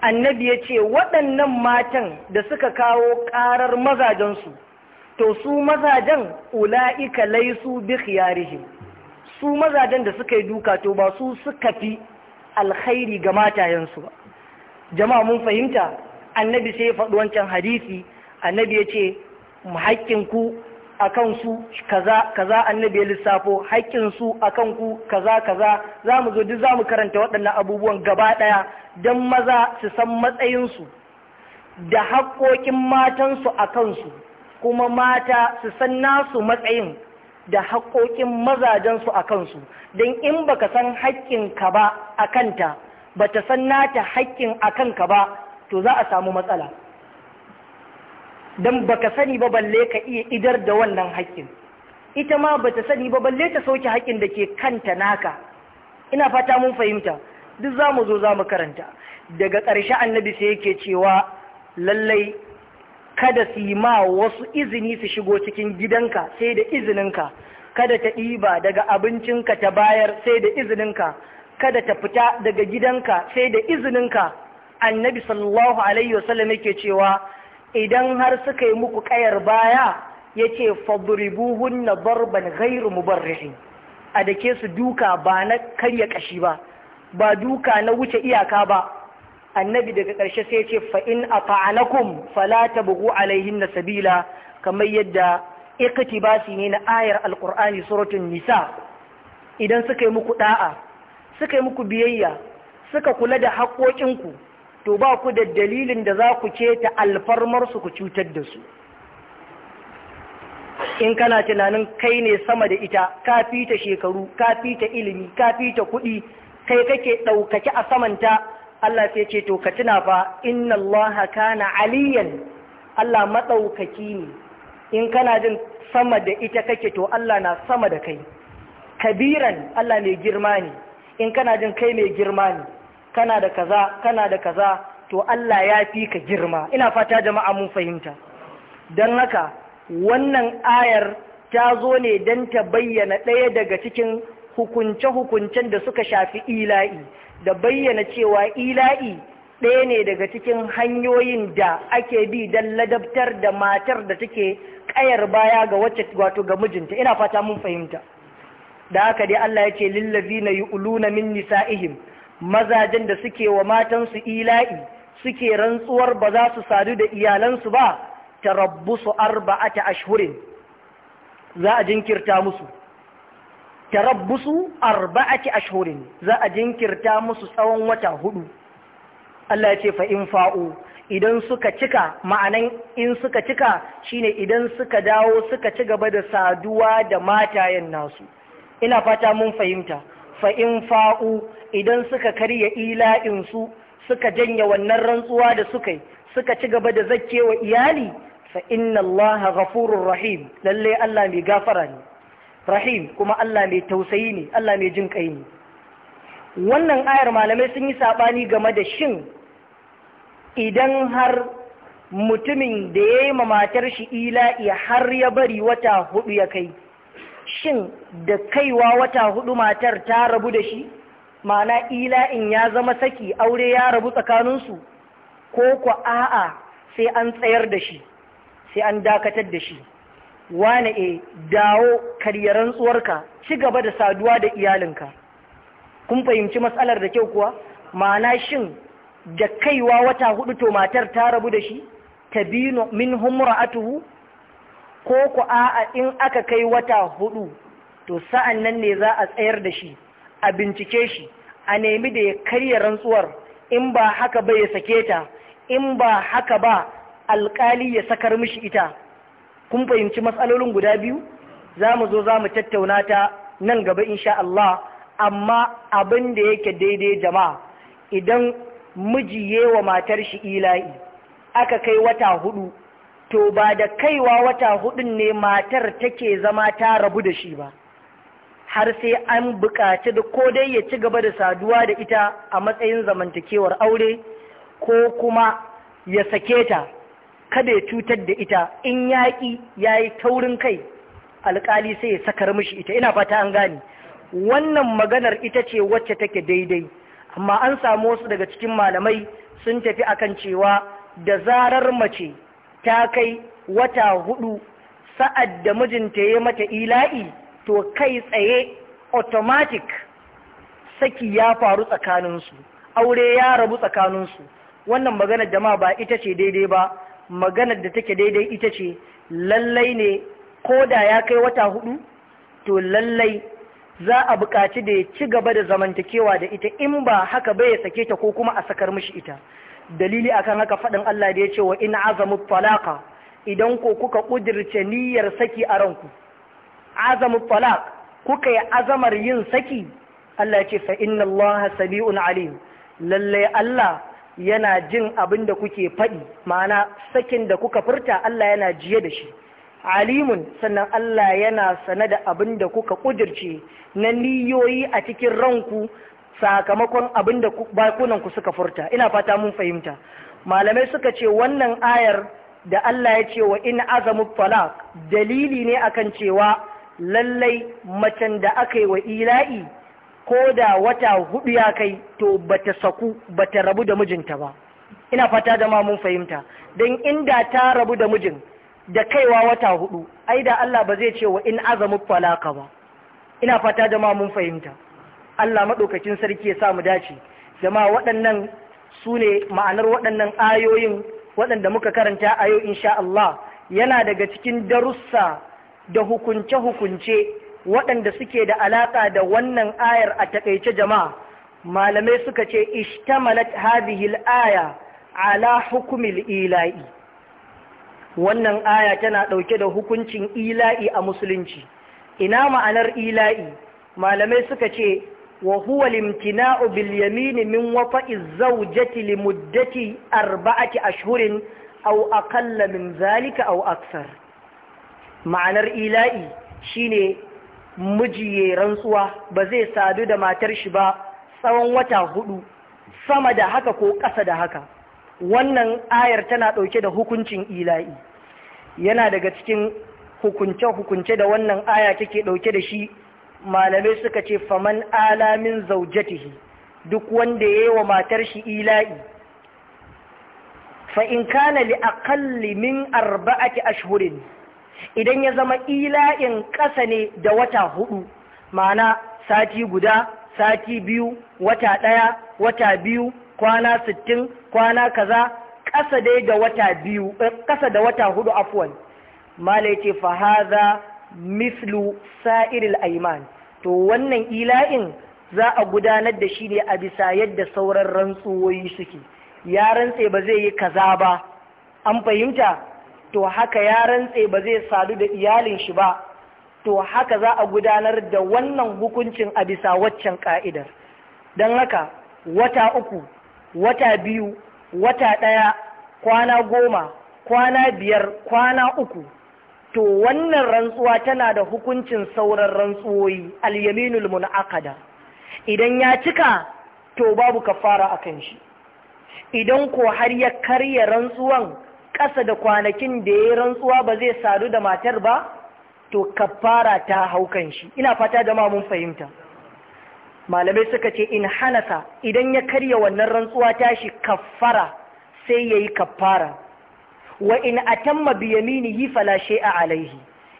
annabi ya ce waɗannan matan da suka kawo ƙarar mazajensu to su mazajen ula'ika laisu bi khiyarihim su mazajen da suka yi duka to ba su suka fi alkhairi ga matayensu ba jama'a mun fahimta annabi sai ya faɗi wancan hadisi annabi ya ce ku? a kansu kaza kaza annabi ya lissafo haƙƙinsu a kanku kaza kaza za mu zo duk za mu karanta waɗannan abubuwan gaba ɗaya don maza su san matsayinsu da haƙƙoƙin matansu a kansu kuma mata su san nasu matsayin da haƙƙoƙin mazajensu a kansu don in baka san haƙƙinka ba a kanta bata san nata haƙƙin a kanka ba to za a samu matsala don baka sani ba balle ka iya idar da wannan haƙƙin ita ma bata sani ba balle ta sauke haƙƙin da ke kanta naka ina fata mun fahimta duk za mu zo za mu karanta daga ƙarshe annabi sai yake cewa lallai kada su yi ma wasu izini su shigo cikin gidanka sai da izininka kada ta ɗiba daga abincinka ta bayar sai da izininka kada ta fita daga gidanka sai da izininka annabi sallallahu alaihi wasallam yake cewa idan har suka yi muku kayar baya ya ce fadribuhun na barban gairu mubarrihi a da ke su duka ba na karya kashi ba ba duka na wuce iyaka ba annabi daga ƙarshe sai ce fa'in a fa'anakum falata bugu alaihin na sabila kamar yadda Ikati ba su ne na ayar alƙur'ani suratun nisa idan suka yi muku ɗa'a suka yi muku biyayya suka kula da haƙoƙinku to ba ku da dalilin da za ku ce alfarmar su ku cutar da su in kana tunanin kai ne sama da ita ka fita shekaru ka fita ilimi ka fita kuɗi kai kake ɗaukaki a samanta Allah sai ce to ka tuna fa inna Allah kana aliyan Allah maɗaukaki ne in kana jin sama da ita kake to Allah na sama da kai kabiran Allah mai girma ne in kana jin kai mai girma ne kana da kaza kana da kaza to Allah ya fi ka girma ina fata jama'a mun fahimta don haka wannan ayar ta zo ne don ta bayyana ɗaya daga cikin hukunce-hukuncen da suka shafi ila'i da bayyana cewa ila'i ɗaya ne daga cikin hanyoyin da ake bi don ladabtar da matar da take ƙayar baya ga wacce wato ga mijinta ina fata mun fahimta da haka dai Allah ya ce lillazina yu'luna min nisa'ihim mazajen da suke wa matansu ila'i suke rantsuwar ba za su sadu da iyalansu ba ta rabu su ta ashirin za a jinkirta musu ta rabbu ashhurin za a jinkirta musu tsawon wata hudu Allah ya ce fa in fa'u idan suka cika ma'anan in suka cika shine idan suka dawo suka ci gaba da saduwa da matayen nasu ina fata mun fahimta fa'in fa'u idan suka karya ila'insu suka janye wannan rantsuwa da suka yi suka ci gaba da zakkewa iyali fa inna allaha ghafurur rahim lalle Allah mai gafara ne rahim kuma Allah mai tausayi ne Allah mai jin kai ne wannan ayar malamai sun yi saɓani game da shin idan har mutumin da ya yi ma matar shi ila'i har ya bari wata hudu ya kai shin da kaiwa wata hudu matar ta rabu da shi ma'ana ila'in ya zama saki aure ya rabu tsakaninsu ko ku a'a sai an tsayar da shi sai an dakatar da shi wane e dawo karyaran tsuwarka ci gaba da saduwa da iyalinka kun fahimci matsalar da kyau kuwa ma'ana shin da kaiwa wata hudu to matar ta rabu da shi bi min humra'atuhu ko ku a'a in aka kai wata hudu to sa'an nan ne za a tsayar da shi a bincike shi a nemi da ya karya rantsuwar in ba haka ba ya sake ta in ba haka ba alkali ya sakar mishi ita kun fahimci matsalolin guda biyu za mu zo za mu tattauna ta nan gaba insha Allah amma abin da yake daidai jama'a idan miji wa matar shi ila'i aka kai wata hudu to ba da kaiwa wata hudun ne matar take zama ta rabu da shi ba har sai an bukaci da ko dai ya ci gaba da saduwa da ita a matsayin zamantakewar aure ko kuma ya sake ta kada ya cutar da ita in yaƙi ya yi taurin kai alƙali sai ya sakar mishi ita ina fata an gane wannan maganar ita ce wacce take daidai amma an samu wasu daga cikin malamai sun tafi akan cewa da zarar mace ta kai wata hudu sa'ad da mijinta ya mata ila'i to kai tsaye automatic saki ya faru tsakaninsu aure ya rabu tsakaninsu wannan maganar ma ba ita ce daidai ba maganar da take daidai ita ce lallai ne ko da ya kai wata hudu to lallai za a buƙaci da ya ci gaba da zamantakewa da ita in ba haka bai ya sake ta ko kuma a sakar mishi ita dalili akan haka faɗin Allah da ya ce wa in azamu talaqa idan ko kuka kudirce niyyar saki a ranku azamu talaq kuka yi azamar yin saki Allah ya fa inna Allah sami'un alim lalle Allah yana jin abin da kuke faɗi ma'ana sakin da kuka furta Allah yana jiye da shi alimun sannan Allah yana sane da abin da kuka kudirce na niyoyi a cikin ranku sakamakon abin da bakunanku suka furta ina fata mun fahimta malamai suka ce wannan ayar da Allah ya ce wa in azamu talaq dalili ne akan cewa lallai macen da aka yi wa ila'i ko da wata hudu ya kai to bata saku bata rabu da mijinta ba ina fata da mun fahimta don inda ta rabu da mijin da kaiwa wata hudu ai da Allah ba zai ce wa in azamu talaq ba ina fata da mun fahimta Allah maɗaukakin sarki ya sa mu dace jama'a waɗannan su ne ma'anar waɗannan ayoyin waɗanda muka karanta a yau insha Allah yana daga cikin darussa da hukunce-hukunce waɗanda suke da alaƙa da wannan ayar a taƙaice jama'a malamai suka ce ishtamalat Habihil aya ala hukumil ila'i wannan aya tana ɗauke da hukuncin ila'i a musulunci ina ma'anar ila'i malamai suka ce wa huwa limtina'u bil yamin min wafa'i zawjati limuddati arba'ati ashhurin aw aqalla min zalika aw akthar ma'anar ila'i shine mujiye rantsuwa ba zai sadu da matar shi ba tsawon wata huɗu, sama da haka ko ƙasa da haka wannan ayar tana ɗauke da hukuncin ila'i yana daga cikin hukunce-hukunce da wannan aya kake ɗauke da shi malamai suka ce faman alamin zaujatihi duk wanda ya yi wa matar shi ila'i fa'in kana li min arba'ati ashhurin idan ya zama ila'in ƙasa ne da wata hudu ma'ana sati guda sati biyu wata ɗaya wata biyu kwana sittin kwana kaza ƙasa dai da wata biyu eh, ƙasa da wata hudu afwan malai ce fa fahaza mislu sa'iril aiman to wannan ila'in za a gudanar da shi ne a bisa yadda sauran rantsuwoyi suke ya rantse ba zai yi kaza ba an fahimta to haka ya rantse ba zai sadu da iyalin shi ba to haka za a gudanar da wannan hukuncin a bisa waccan ka'idar don haka wata uku wata biyu wata ɗaya kwana goma kwana biyar kwana uku to wannan rantsuwa tana da hukuncin sauran rantsuwoyi al-yaminul munaqada idan ya cika to babu kafara akan shi idan ko har ya karya rantsuwan ƙasa da kwanakin da ya rantsuwa ba zai sadu da matar ba to kafara ta haukan shi ina fata jama'a mun fahimta malamai suka ce in hanasa idan ya karya wannan rantsuwa tashi kafara sai yayi kafara wa in atamma bi yaminihi fala shay'a alaihi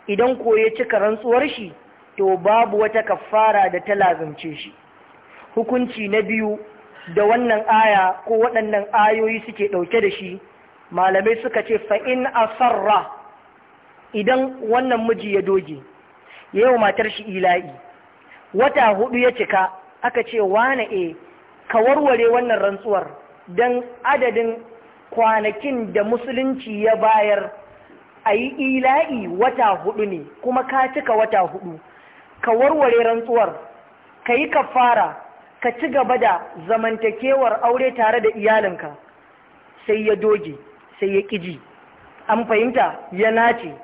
idan ko ya cika rantsuwar shi to babu wata kaffara da ta lazumce shi hukunci na biyu da wannan aya ko waɗannan ayoyi suke ɗauke da shi malamai suka ce fa in asarra idan wannan miji ya doge yau matar shi ila'i wata hudu ya cika aka ce wane e ka warware wannan rantsuwar don adadin kwanakin da musulunci ya bayar a yi ila'i wata hudu ne kuma ka cika wata hudu ka warware rantsuwar ka yi kafara ka ci gaba da zamantakewar aure tare da iyalinka sai ya doge sai ya ƙiji an fahimta ya nace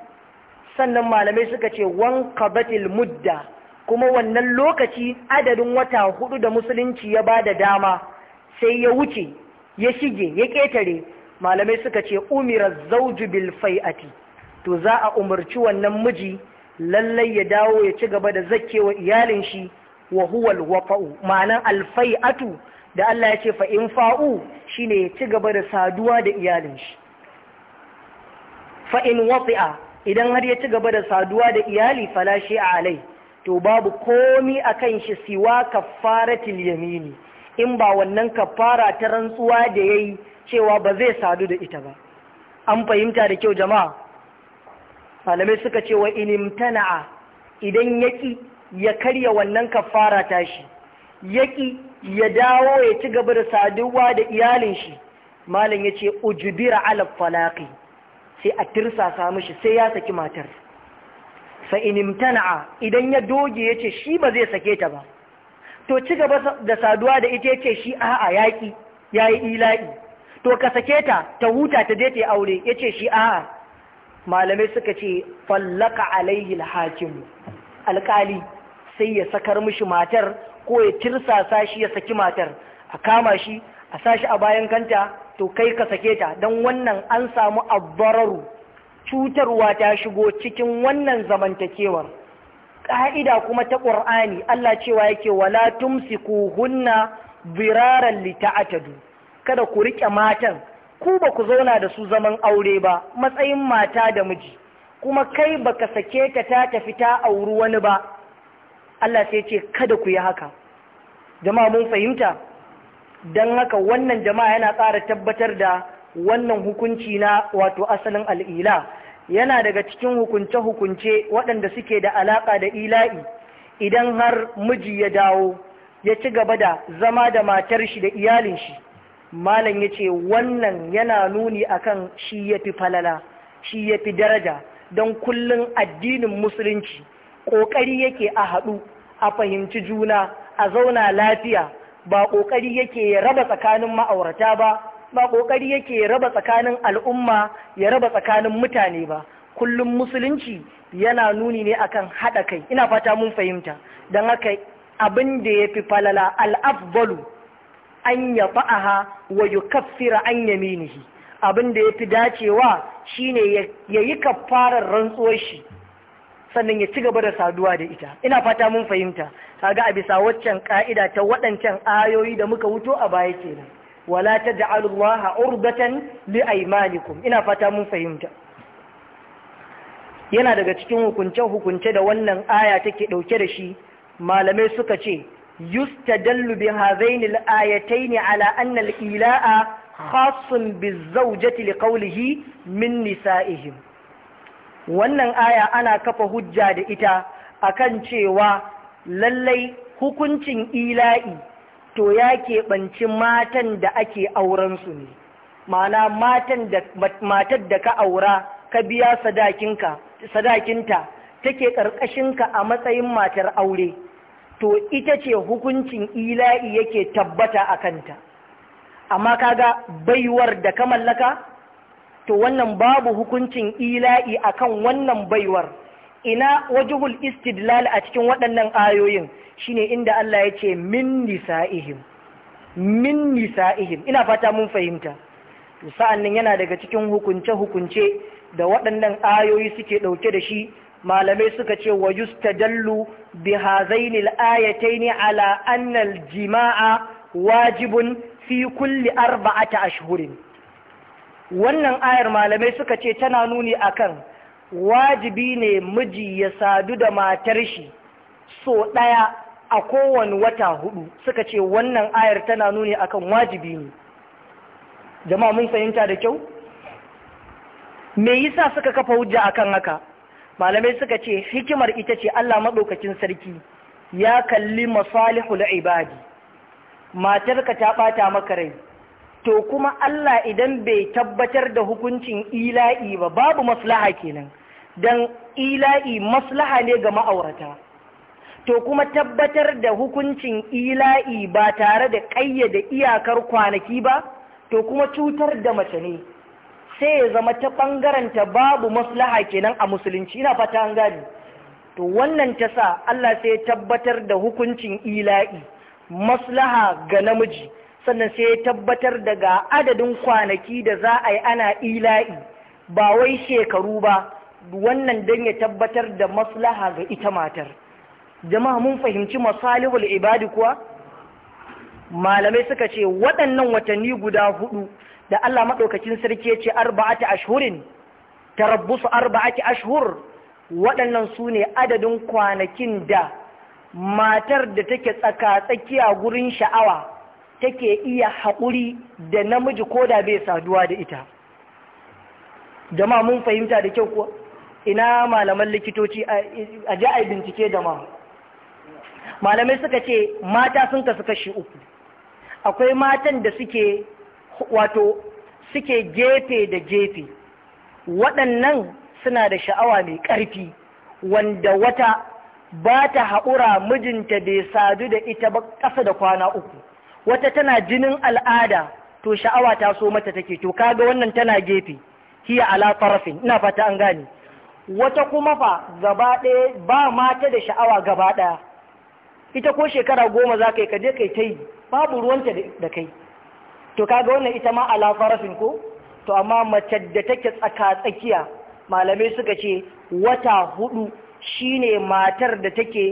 sannan malamai suka ce wanka batil mudda kuma wannan lokaci adadin wata hudu da musulunci ya ba da dama sai ya wuce ya shige ya ƙetare malamai suka ce umira zauju bil fai'ati to za a umarci wannan miji lallai ya dawo ya ci gaba da zakewa iyalin shi wa huwa alwafa'u ma'anan alfai'atu da Allah ya ce fa in fa'u shine ya ci gaba da saduwa da iyalin shi fa in wati'a idan har ya ci gaba da saduwa da iyali fala shi alai to babu komi akan shi siwa kaffaratil yamini in ba wannan kaffara ta rantsuwa da yayi cewa ba zai sadu da ita ba an fahimta da kyau jama'a malamai suka ce wa inimtana'a idan yaƙi ya karya wannan kafara tashi yaƙi ya dawo ya ci gaba da saduwa da iyalin shi malam ya ce ujubira ala falaki sai a tirsasa mishi sai ya saki matar fa inimtana'a idan ya doge ya ce shi ba zai sake ta ba to ci gaba da saduwa da ita ya ce shi a'a yaki yi ila'i to ka sake ta ta huta ta je ta aure yace shi a'a malamai suka ce fallaka alaihi alhakim alkali sai ya sakar mishi matar ko ya tirsasa shi ya saki matar a kama shi a sashi a bayan kanta to kai ka sake ta don wannan an samu abbararu cutarwa ta shigo cikin wannan zamantakewar ƙa'ida kuma ta ƙur'ani Allah cewa yake wala tumsiku hunna biraran li kada ku riƙe matan ku ba ku zauna da su zaman aure ba matsayin mata da miji kuma kai baka sake ta ta tafi ta auri wani ba Allah sai ce kada ku yi haka jama'a mun fahimta dan haka wannan jama'a yana tsara tabbatar da wannan hukunci na wato asalin al'ila yana daga cikin hukunce-hukunce waɗanda suke da alaƙa da ila'i idan har miji ya dawo ya ci gaba da zama da matar shi da iyalin shi malam ya ce wannan yana nuni akan shi ya fi falala shi ya fi daraja don kullum addinin musulunci ƙoƙari yake a haɗu a fahimci juna a zauna lafiya ba ƙoƙari yake ya raba tsakanin ma'aurata ba ba ƙoƙari yake ya raba tsakanin al'umma ya raba tsakanin mutane ba kullum musulunci yana nuni ne akan haɗa kai ina fata mun fahimta don haka abin da ya fi falala al'afbalu an ya fa'aha wa yukaffira an yaminihi abin da ya fi dacewa shine ya yi kafarar rantsuwar shi sannan ya ci gaba da saduwa da ita ina fata mun fahimta kaga a bisa waccan ka'ida ta waɗancan ayoyi da muka wuto a baya kenan wala taj'alu Allah urdatan li aymanikum ina fata mun fahimta yana daga cikin hukunce hukunce da wannan aya take ɗauke da shi malamai suka ce يستدل بهذين الآيتين على أن الإيلاء خاص بالزوجة لقوله من نسائهم wannan aya ana kafa hujja da ita akan cewa lallai hukuncin ila'i to ya keɓanci matan da ake aurensu ne ma'ana matan da matar da ka aura ka biya sadakinta take ƙarƙashinka a matsayin matar aure to ita ce hukuncin ila'i yake tabbata a kanta amma kaga baiwar da ka mallaka to wannan babu hukuncin ila'i akan wannan baiwar ina wajihul istidlal a cikin waɗannan ayoyin shine inda Allah ya ce min nisa'ihim min nisa'ihim ina fata mun fahimta sa'an nan yana daga cikin hukunce-hukunce da waɗannan ayoyi suke ɗauke da shi malamai suka ce wa yustadallu bi hazaini al-ayataini ala anna jimaa wajibun fi kulli ta ashhurin wannan ayar malamai suka ce tana nuni akan wajibi ne miji ya sadu da matar shi so ɗaya a kowane wata hudu suka ce wannan ayar tana nuni akan wajibi ne jama'a mun fahimta da kyau me yasa suka kafa hujja akan haka malamai suka ce hikimar ita ce Allah maɗaukacin sarki ya kalli masalihul ibadi matarka ta ɓata maka rai to kuma Allah idan bai tabbatar da hukuncin ila'i ba babu maslaha kenan dan ila'i maslaha ne ga ma'aurata to kuma tabbatar da hukuncin ila'i ba tare da ƙayyade iyakar kwanaki ba to kuma cutar da mace ne sai ya zama ta ɓangaranta babu maslaha kenan a musulunci ina fata an gani to wannan ta sa Allah sai ya tabbatar da hukuncin ila'i maslaha ga namiji sannan sai ya tabbatar da ga adadin kwanaki da za a yi ana ila'i ba wai shekaru ba wannan don ya tabbatar da maslaha ga ita matar jama'a mun fahimci masalihul ibadi kuwa malamai suka ce waɗannan watanni guda hudu da Allah maɗaukacin sarki ya ce arba'ati ashhurin tarabbusu arba'ati ashhur waɗannan su ne adadin kwanakin da matar da take tsaka tsakiya gurin sha'awa take iya haƙuri da namiji ko da bai saduwa da ita jama'a mun fahimta da kyau ko? ina malaman likitoci a ji a bincike ma? malamai suka ce mata sun kasu kashi uku akwai matan da suke wato suke gefe da gefe waɗannan suna da sha'awa mai ƙarfi wanda wata ba ta haƙura mijinta bai sadu da ita ba ƙasa da kwana uku wata tana jinin al'ada to sha'awa ta so mata take to kaga wannan tana gefe hiya ala farafin ina fata an gane wata kuma fa gaba ɗaya ba mata da sha'awa gaba ɗaya ita ko shekara goma za ka yi ka je kai ta yi babu ruwanta da kai to kaga wannan ita ma ala farafin ko to amma mace da take tsaka tsakiya malamai suka ce wata hudu shine matar da take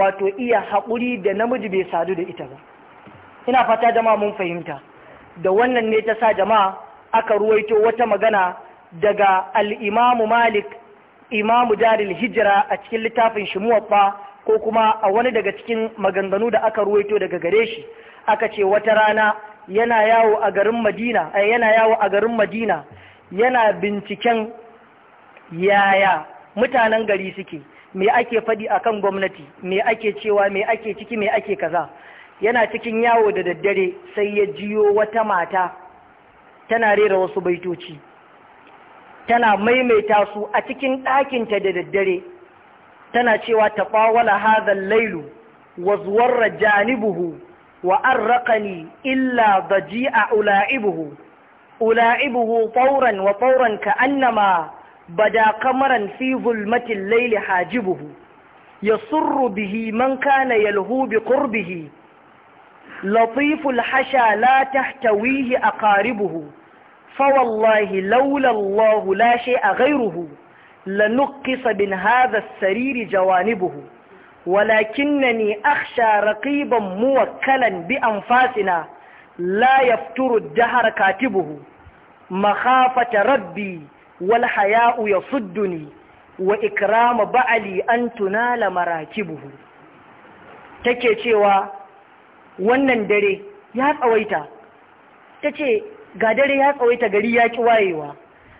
wato iya haƙuri da namiji bai sadu da ita ba ina fata jama'a mun fahimta da wannan ne ta sa jama'a aka ruwaito wata magana daga al'imamu malik imamu daril hijira a cikin littafin shi muwaffa ko kuma a wani daga cikin maganganu da aka ruwaito daga gare shi aka ce wata rana yana yawo a garin madina eh, yana yawo a garin madina yana binciken yaya mutanen gari suke me ake faɗi kan gwamnati me ake cewa me ake ciki me ake kaza yana cikin yawo da daddare sai ya jiyo wata mata tana rera wasu baitoci tana maimaita su a cikin ɗakinta da daddare tana cewa ta ɓawala hazan lailu wa zuwarra buhu. وأرقني إلا ضجيء ألاعبه ألاعبه طورا وطورا كأنما بدا قمرا في ظلمة الليل حاجبه يصر به من كان يلهو بقربه لطيف الحشا لا تحتويه أقاربه فوالله لولا الله لا شيء غيره لنقص من هذا السرير جوانبه walakinnani akhsha raqiban muwakkalan bi anfasina la yafturu dahar katibuhu makhafata rabbi wal haya'u yasudduni wa ikrama ba'ali an tunala marakibuhu take cewa wannan dare ya tsawaita ce ga dare ya tsawaita gari ya ki wayewa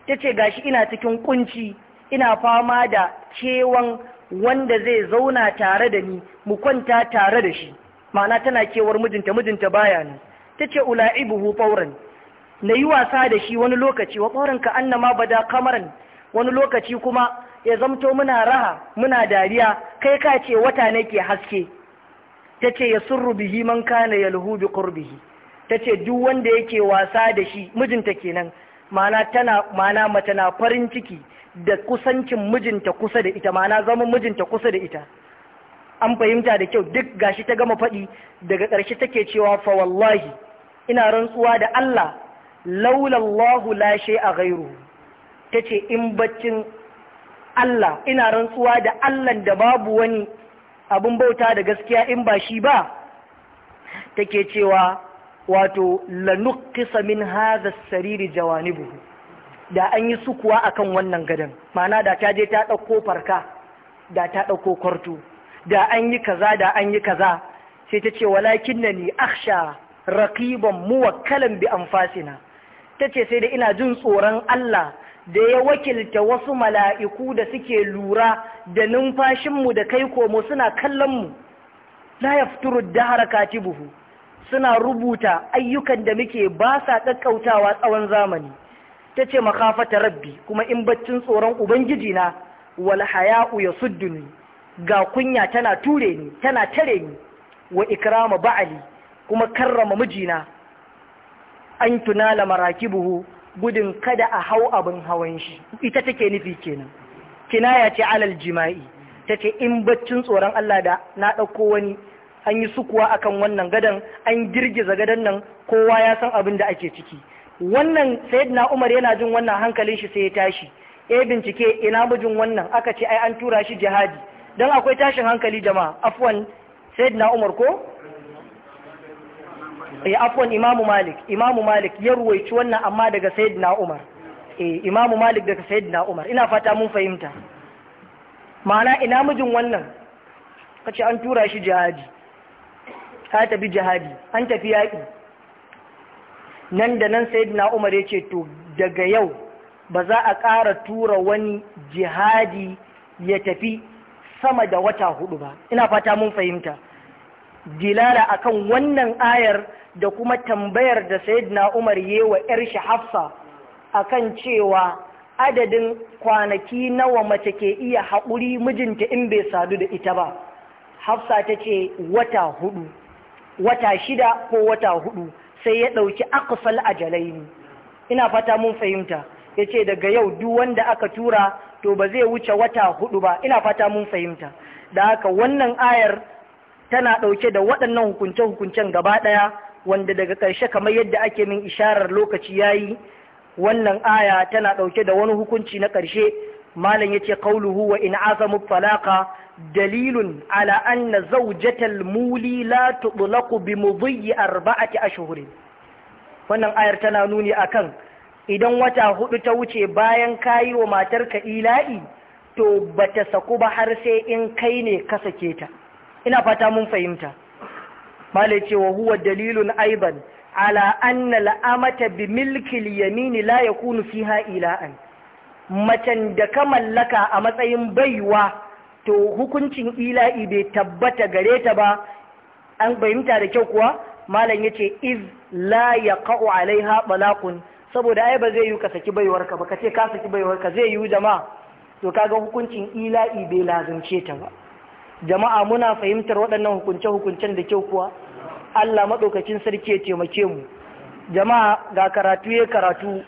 tace gashi ina cikin kunci ina fama da cewan wanda zai zauna tare da ni mu kwanta tare da shi ma'ana tana kewar mijinta mijinta baya nan tace ula'ibuhu fauran na yi wasa da shi wani lokaci wa fauran ka annama bada kamaran wani lokaci kuma ya zamto muna raha muna dariya kai ka ce wata nake haske tace ya surru bihi man kana yalhu bi qurbihi tace duk wanda yake wasa da shi mijinta kenan ma'ana tana ma'ana mace na farin ciki da kusancin mijinta kusa da ita ma'ana zaman mijinta kusa da ita an fahimta da kyau duk gashi ta gama faɗi daga ƙarshe take cewa fa wallahi ina rantsuwa da Allah laulallahu la a ghairu tace in baccin Allah ina rantsuwa da Allah da babu wani abin bauta da gaskiya in ba shi ba take cewa wato lanuqisa min hadha as-sariri jawanibuhu da an yi sukuwa kan wannan gadon mana da ta je ta ɗauko farka da ta ɗauko kwarto da an yi kaza da an yi kaza sai ta ce walakin na ni aksha rakiban muwakkalan bi fasina. ta ce sai da ina jin tsoron Allah da ya wakilta wasu mala'iku da suke lura da numfashinmu da kai komo suna kallonmu la yafturu dahara katibuhu suna rubuta ayyukan da muke ba sa tsawon zamani ta ce makafata rabbi kuma in baccin tsoron ubangiji na walhaya haya'u ya sudduni ga kunya tana ture ni tana tare ni wa ikrama ba'ali kuma karrama mijina an tunala marakibuhu gudun kada a hau abin hawan shi ita take nufi kenan kinaya ce alal jima'i tace in baccin tsoron Allah da na ɗauko wani an yi sukuwa akan wannan gadan an girgiza gadan nan kowa ya san abin da ake ciki wannan sayyidina umar yana jin wannan hankalin shi sai ya tashi ya bincike ina bujin wannan aka ce ai an tura shi jihadi Don akwai tashin hankali jama'a afwan sayyidina umar ko ya eh, afwan imamu malik imamu malik ya ruwaici wannan amma daga sayyidina umar eh imamu malik daga sayyidina umar ina fata mun fahimta ma'ana ina mijin wannan ce, an tura shi jihadi ka tafi jihadi an tafi yaƙi nan da nan sayyidina umar ya ce to daga yau ba za a ƙara tura wani jihadi ya tafi sama da wata hudu ba ina fata mun fahimta dilala akan wannan ayar da kuma tambayar da sayyidina umar yewa yar shi hafsa akan cewa adadin kwanaki nawa mace ke iya haƙuri mijinta in bai sadu da ita ba hafsa ta ce wata hudu wata shida ko wata hudu sai ya ɗauki a jalaini. ina fata mun fahimta Ya ce daga yau duk wanda aka tura to ba zai wuce wata hudu ba ina fata mun fahimta da haka wannan ayar tana ɗauke da waɗannan hukunce-hukuncen gaba ɗaya wanda daga ƙarshe kamar yadda ake min isharar lokaci ya yi wannan aya tana ɗauke da wani hukunci na ƙarshe malam yace qauluhu wa in azamu falaka. dalilun ala anna zawjatal muli la tutlaqu bi mudhi arba'ati ashhurin wannan ayar tana nuni akan idan wata hudu ta wuce bayan kayi wa matarka ila'i to bata saku ba har sai in kai ne ka sake ta ina fata mun fahimta malai ce wa huwa dalilun aiban ala anna la'amata bi milkil yamini la yakunu fiha ila'an macen da ka mallaka a matsayin baiwa to hukuncin ila'i bai tabbata gare ta ba an bayyanta da kyau kuwa malam yace iz la yaqa'u alaiha balaqun saboda ai ba zai yi ka saki ka ba ka ce ka saki baiwarka zai yi jama'a to kaga hukuncin ila'i bai lazumce ta ba jama'a muna fahimtar waɗannan hukunce hukuncen da kyau kuwa Allah madaukakin sarki ya taimake mu jama'a ga karatu ya karatu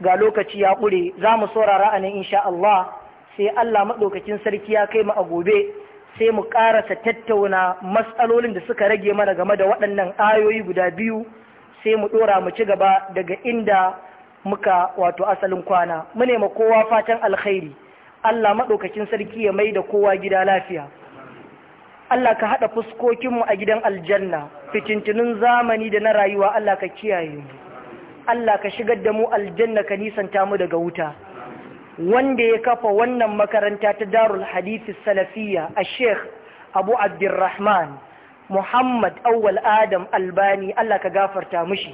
ga lokaci ya ƙure za mu saurara a nan insha Allah sai Allah maɗaukakin sarki ya kai mu a gobe sai mu ƙarasa tattauna matsalolin da suka rage mana game da waɗannan ayoyi guda biyu sai mu ɗora mu ci gaba daga inda muka wato asalin kwana mu nema kowa fatan alkhairi Allah maɗaukakin sarki ya mai da kowa gida lafiya Allah ka haɗa fuskokinmu a gidan aljanna fitintunun zamani da na rayuwa Allah ka kiyaye mu Allah ka shigar da mu aljanna ka nisanta mu daga wuta wanda ya kafa wannan makaranta ta darul hadithi salafiya a sheikh abu abdurrahman muhammad awwal adam albani Allah ka gafarta mushi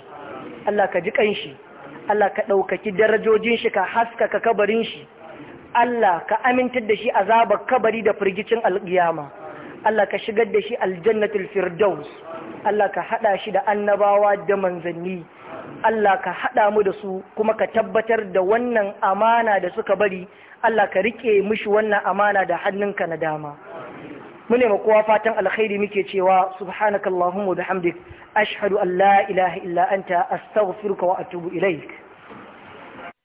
Allah ka ji kanshi Allah ka ɗaukaki darajojin shi ka haskaka kabarin shi Allah ka amintar da shi azabar kabari da firgicin alƙiyama Allah ka shigar da shi aljannatul firdaus Allah ka haɗa shi da annabawa da manzanni Allah ka haɗa mu da su kuma ka tabbatar da wannan amana da suka bari Allah ka riƙe mishi wannan amana da hannunka na dama mu ne kowa fatan alkhairi muke cewa subhanakallahumma bihamdik ashhadu an la ilaha illa anta astaghfiruka wa atubu ilaik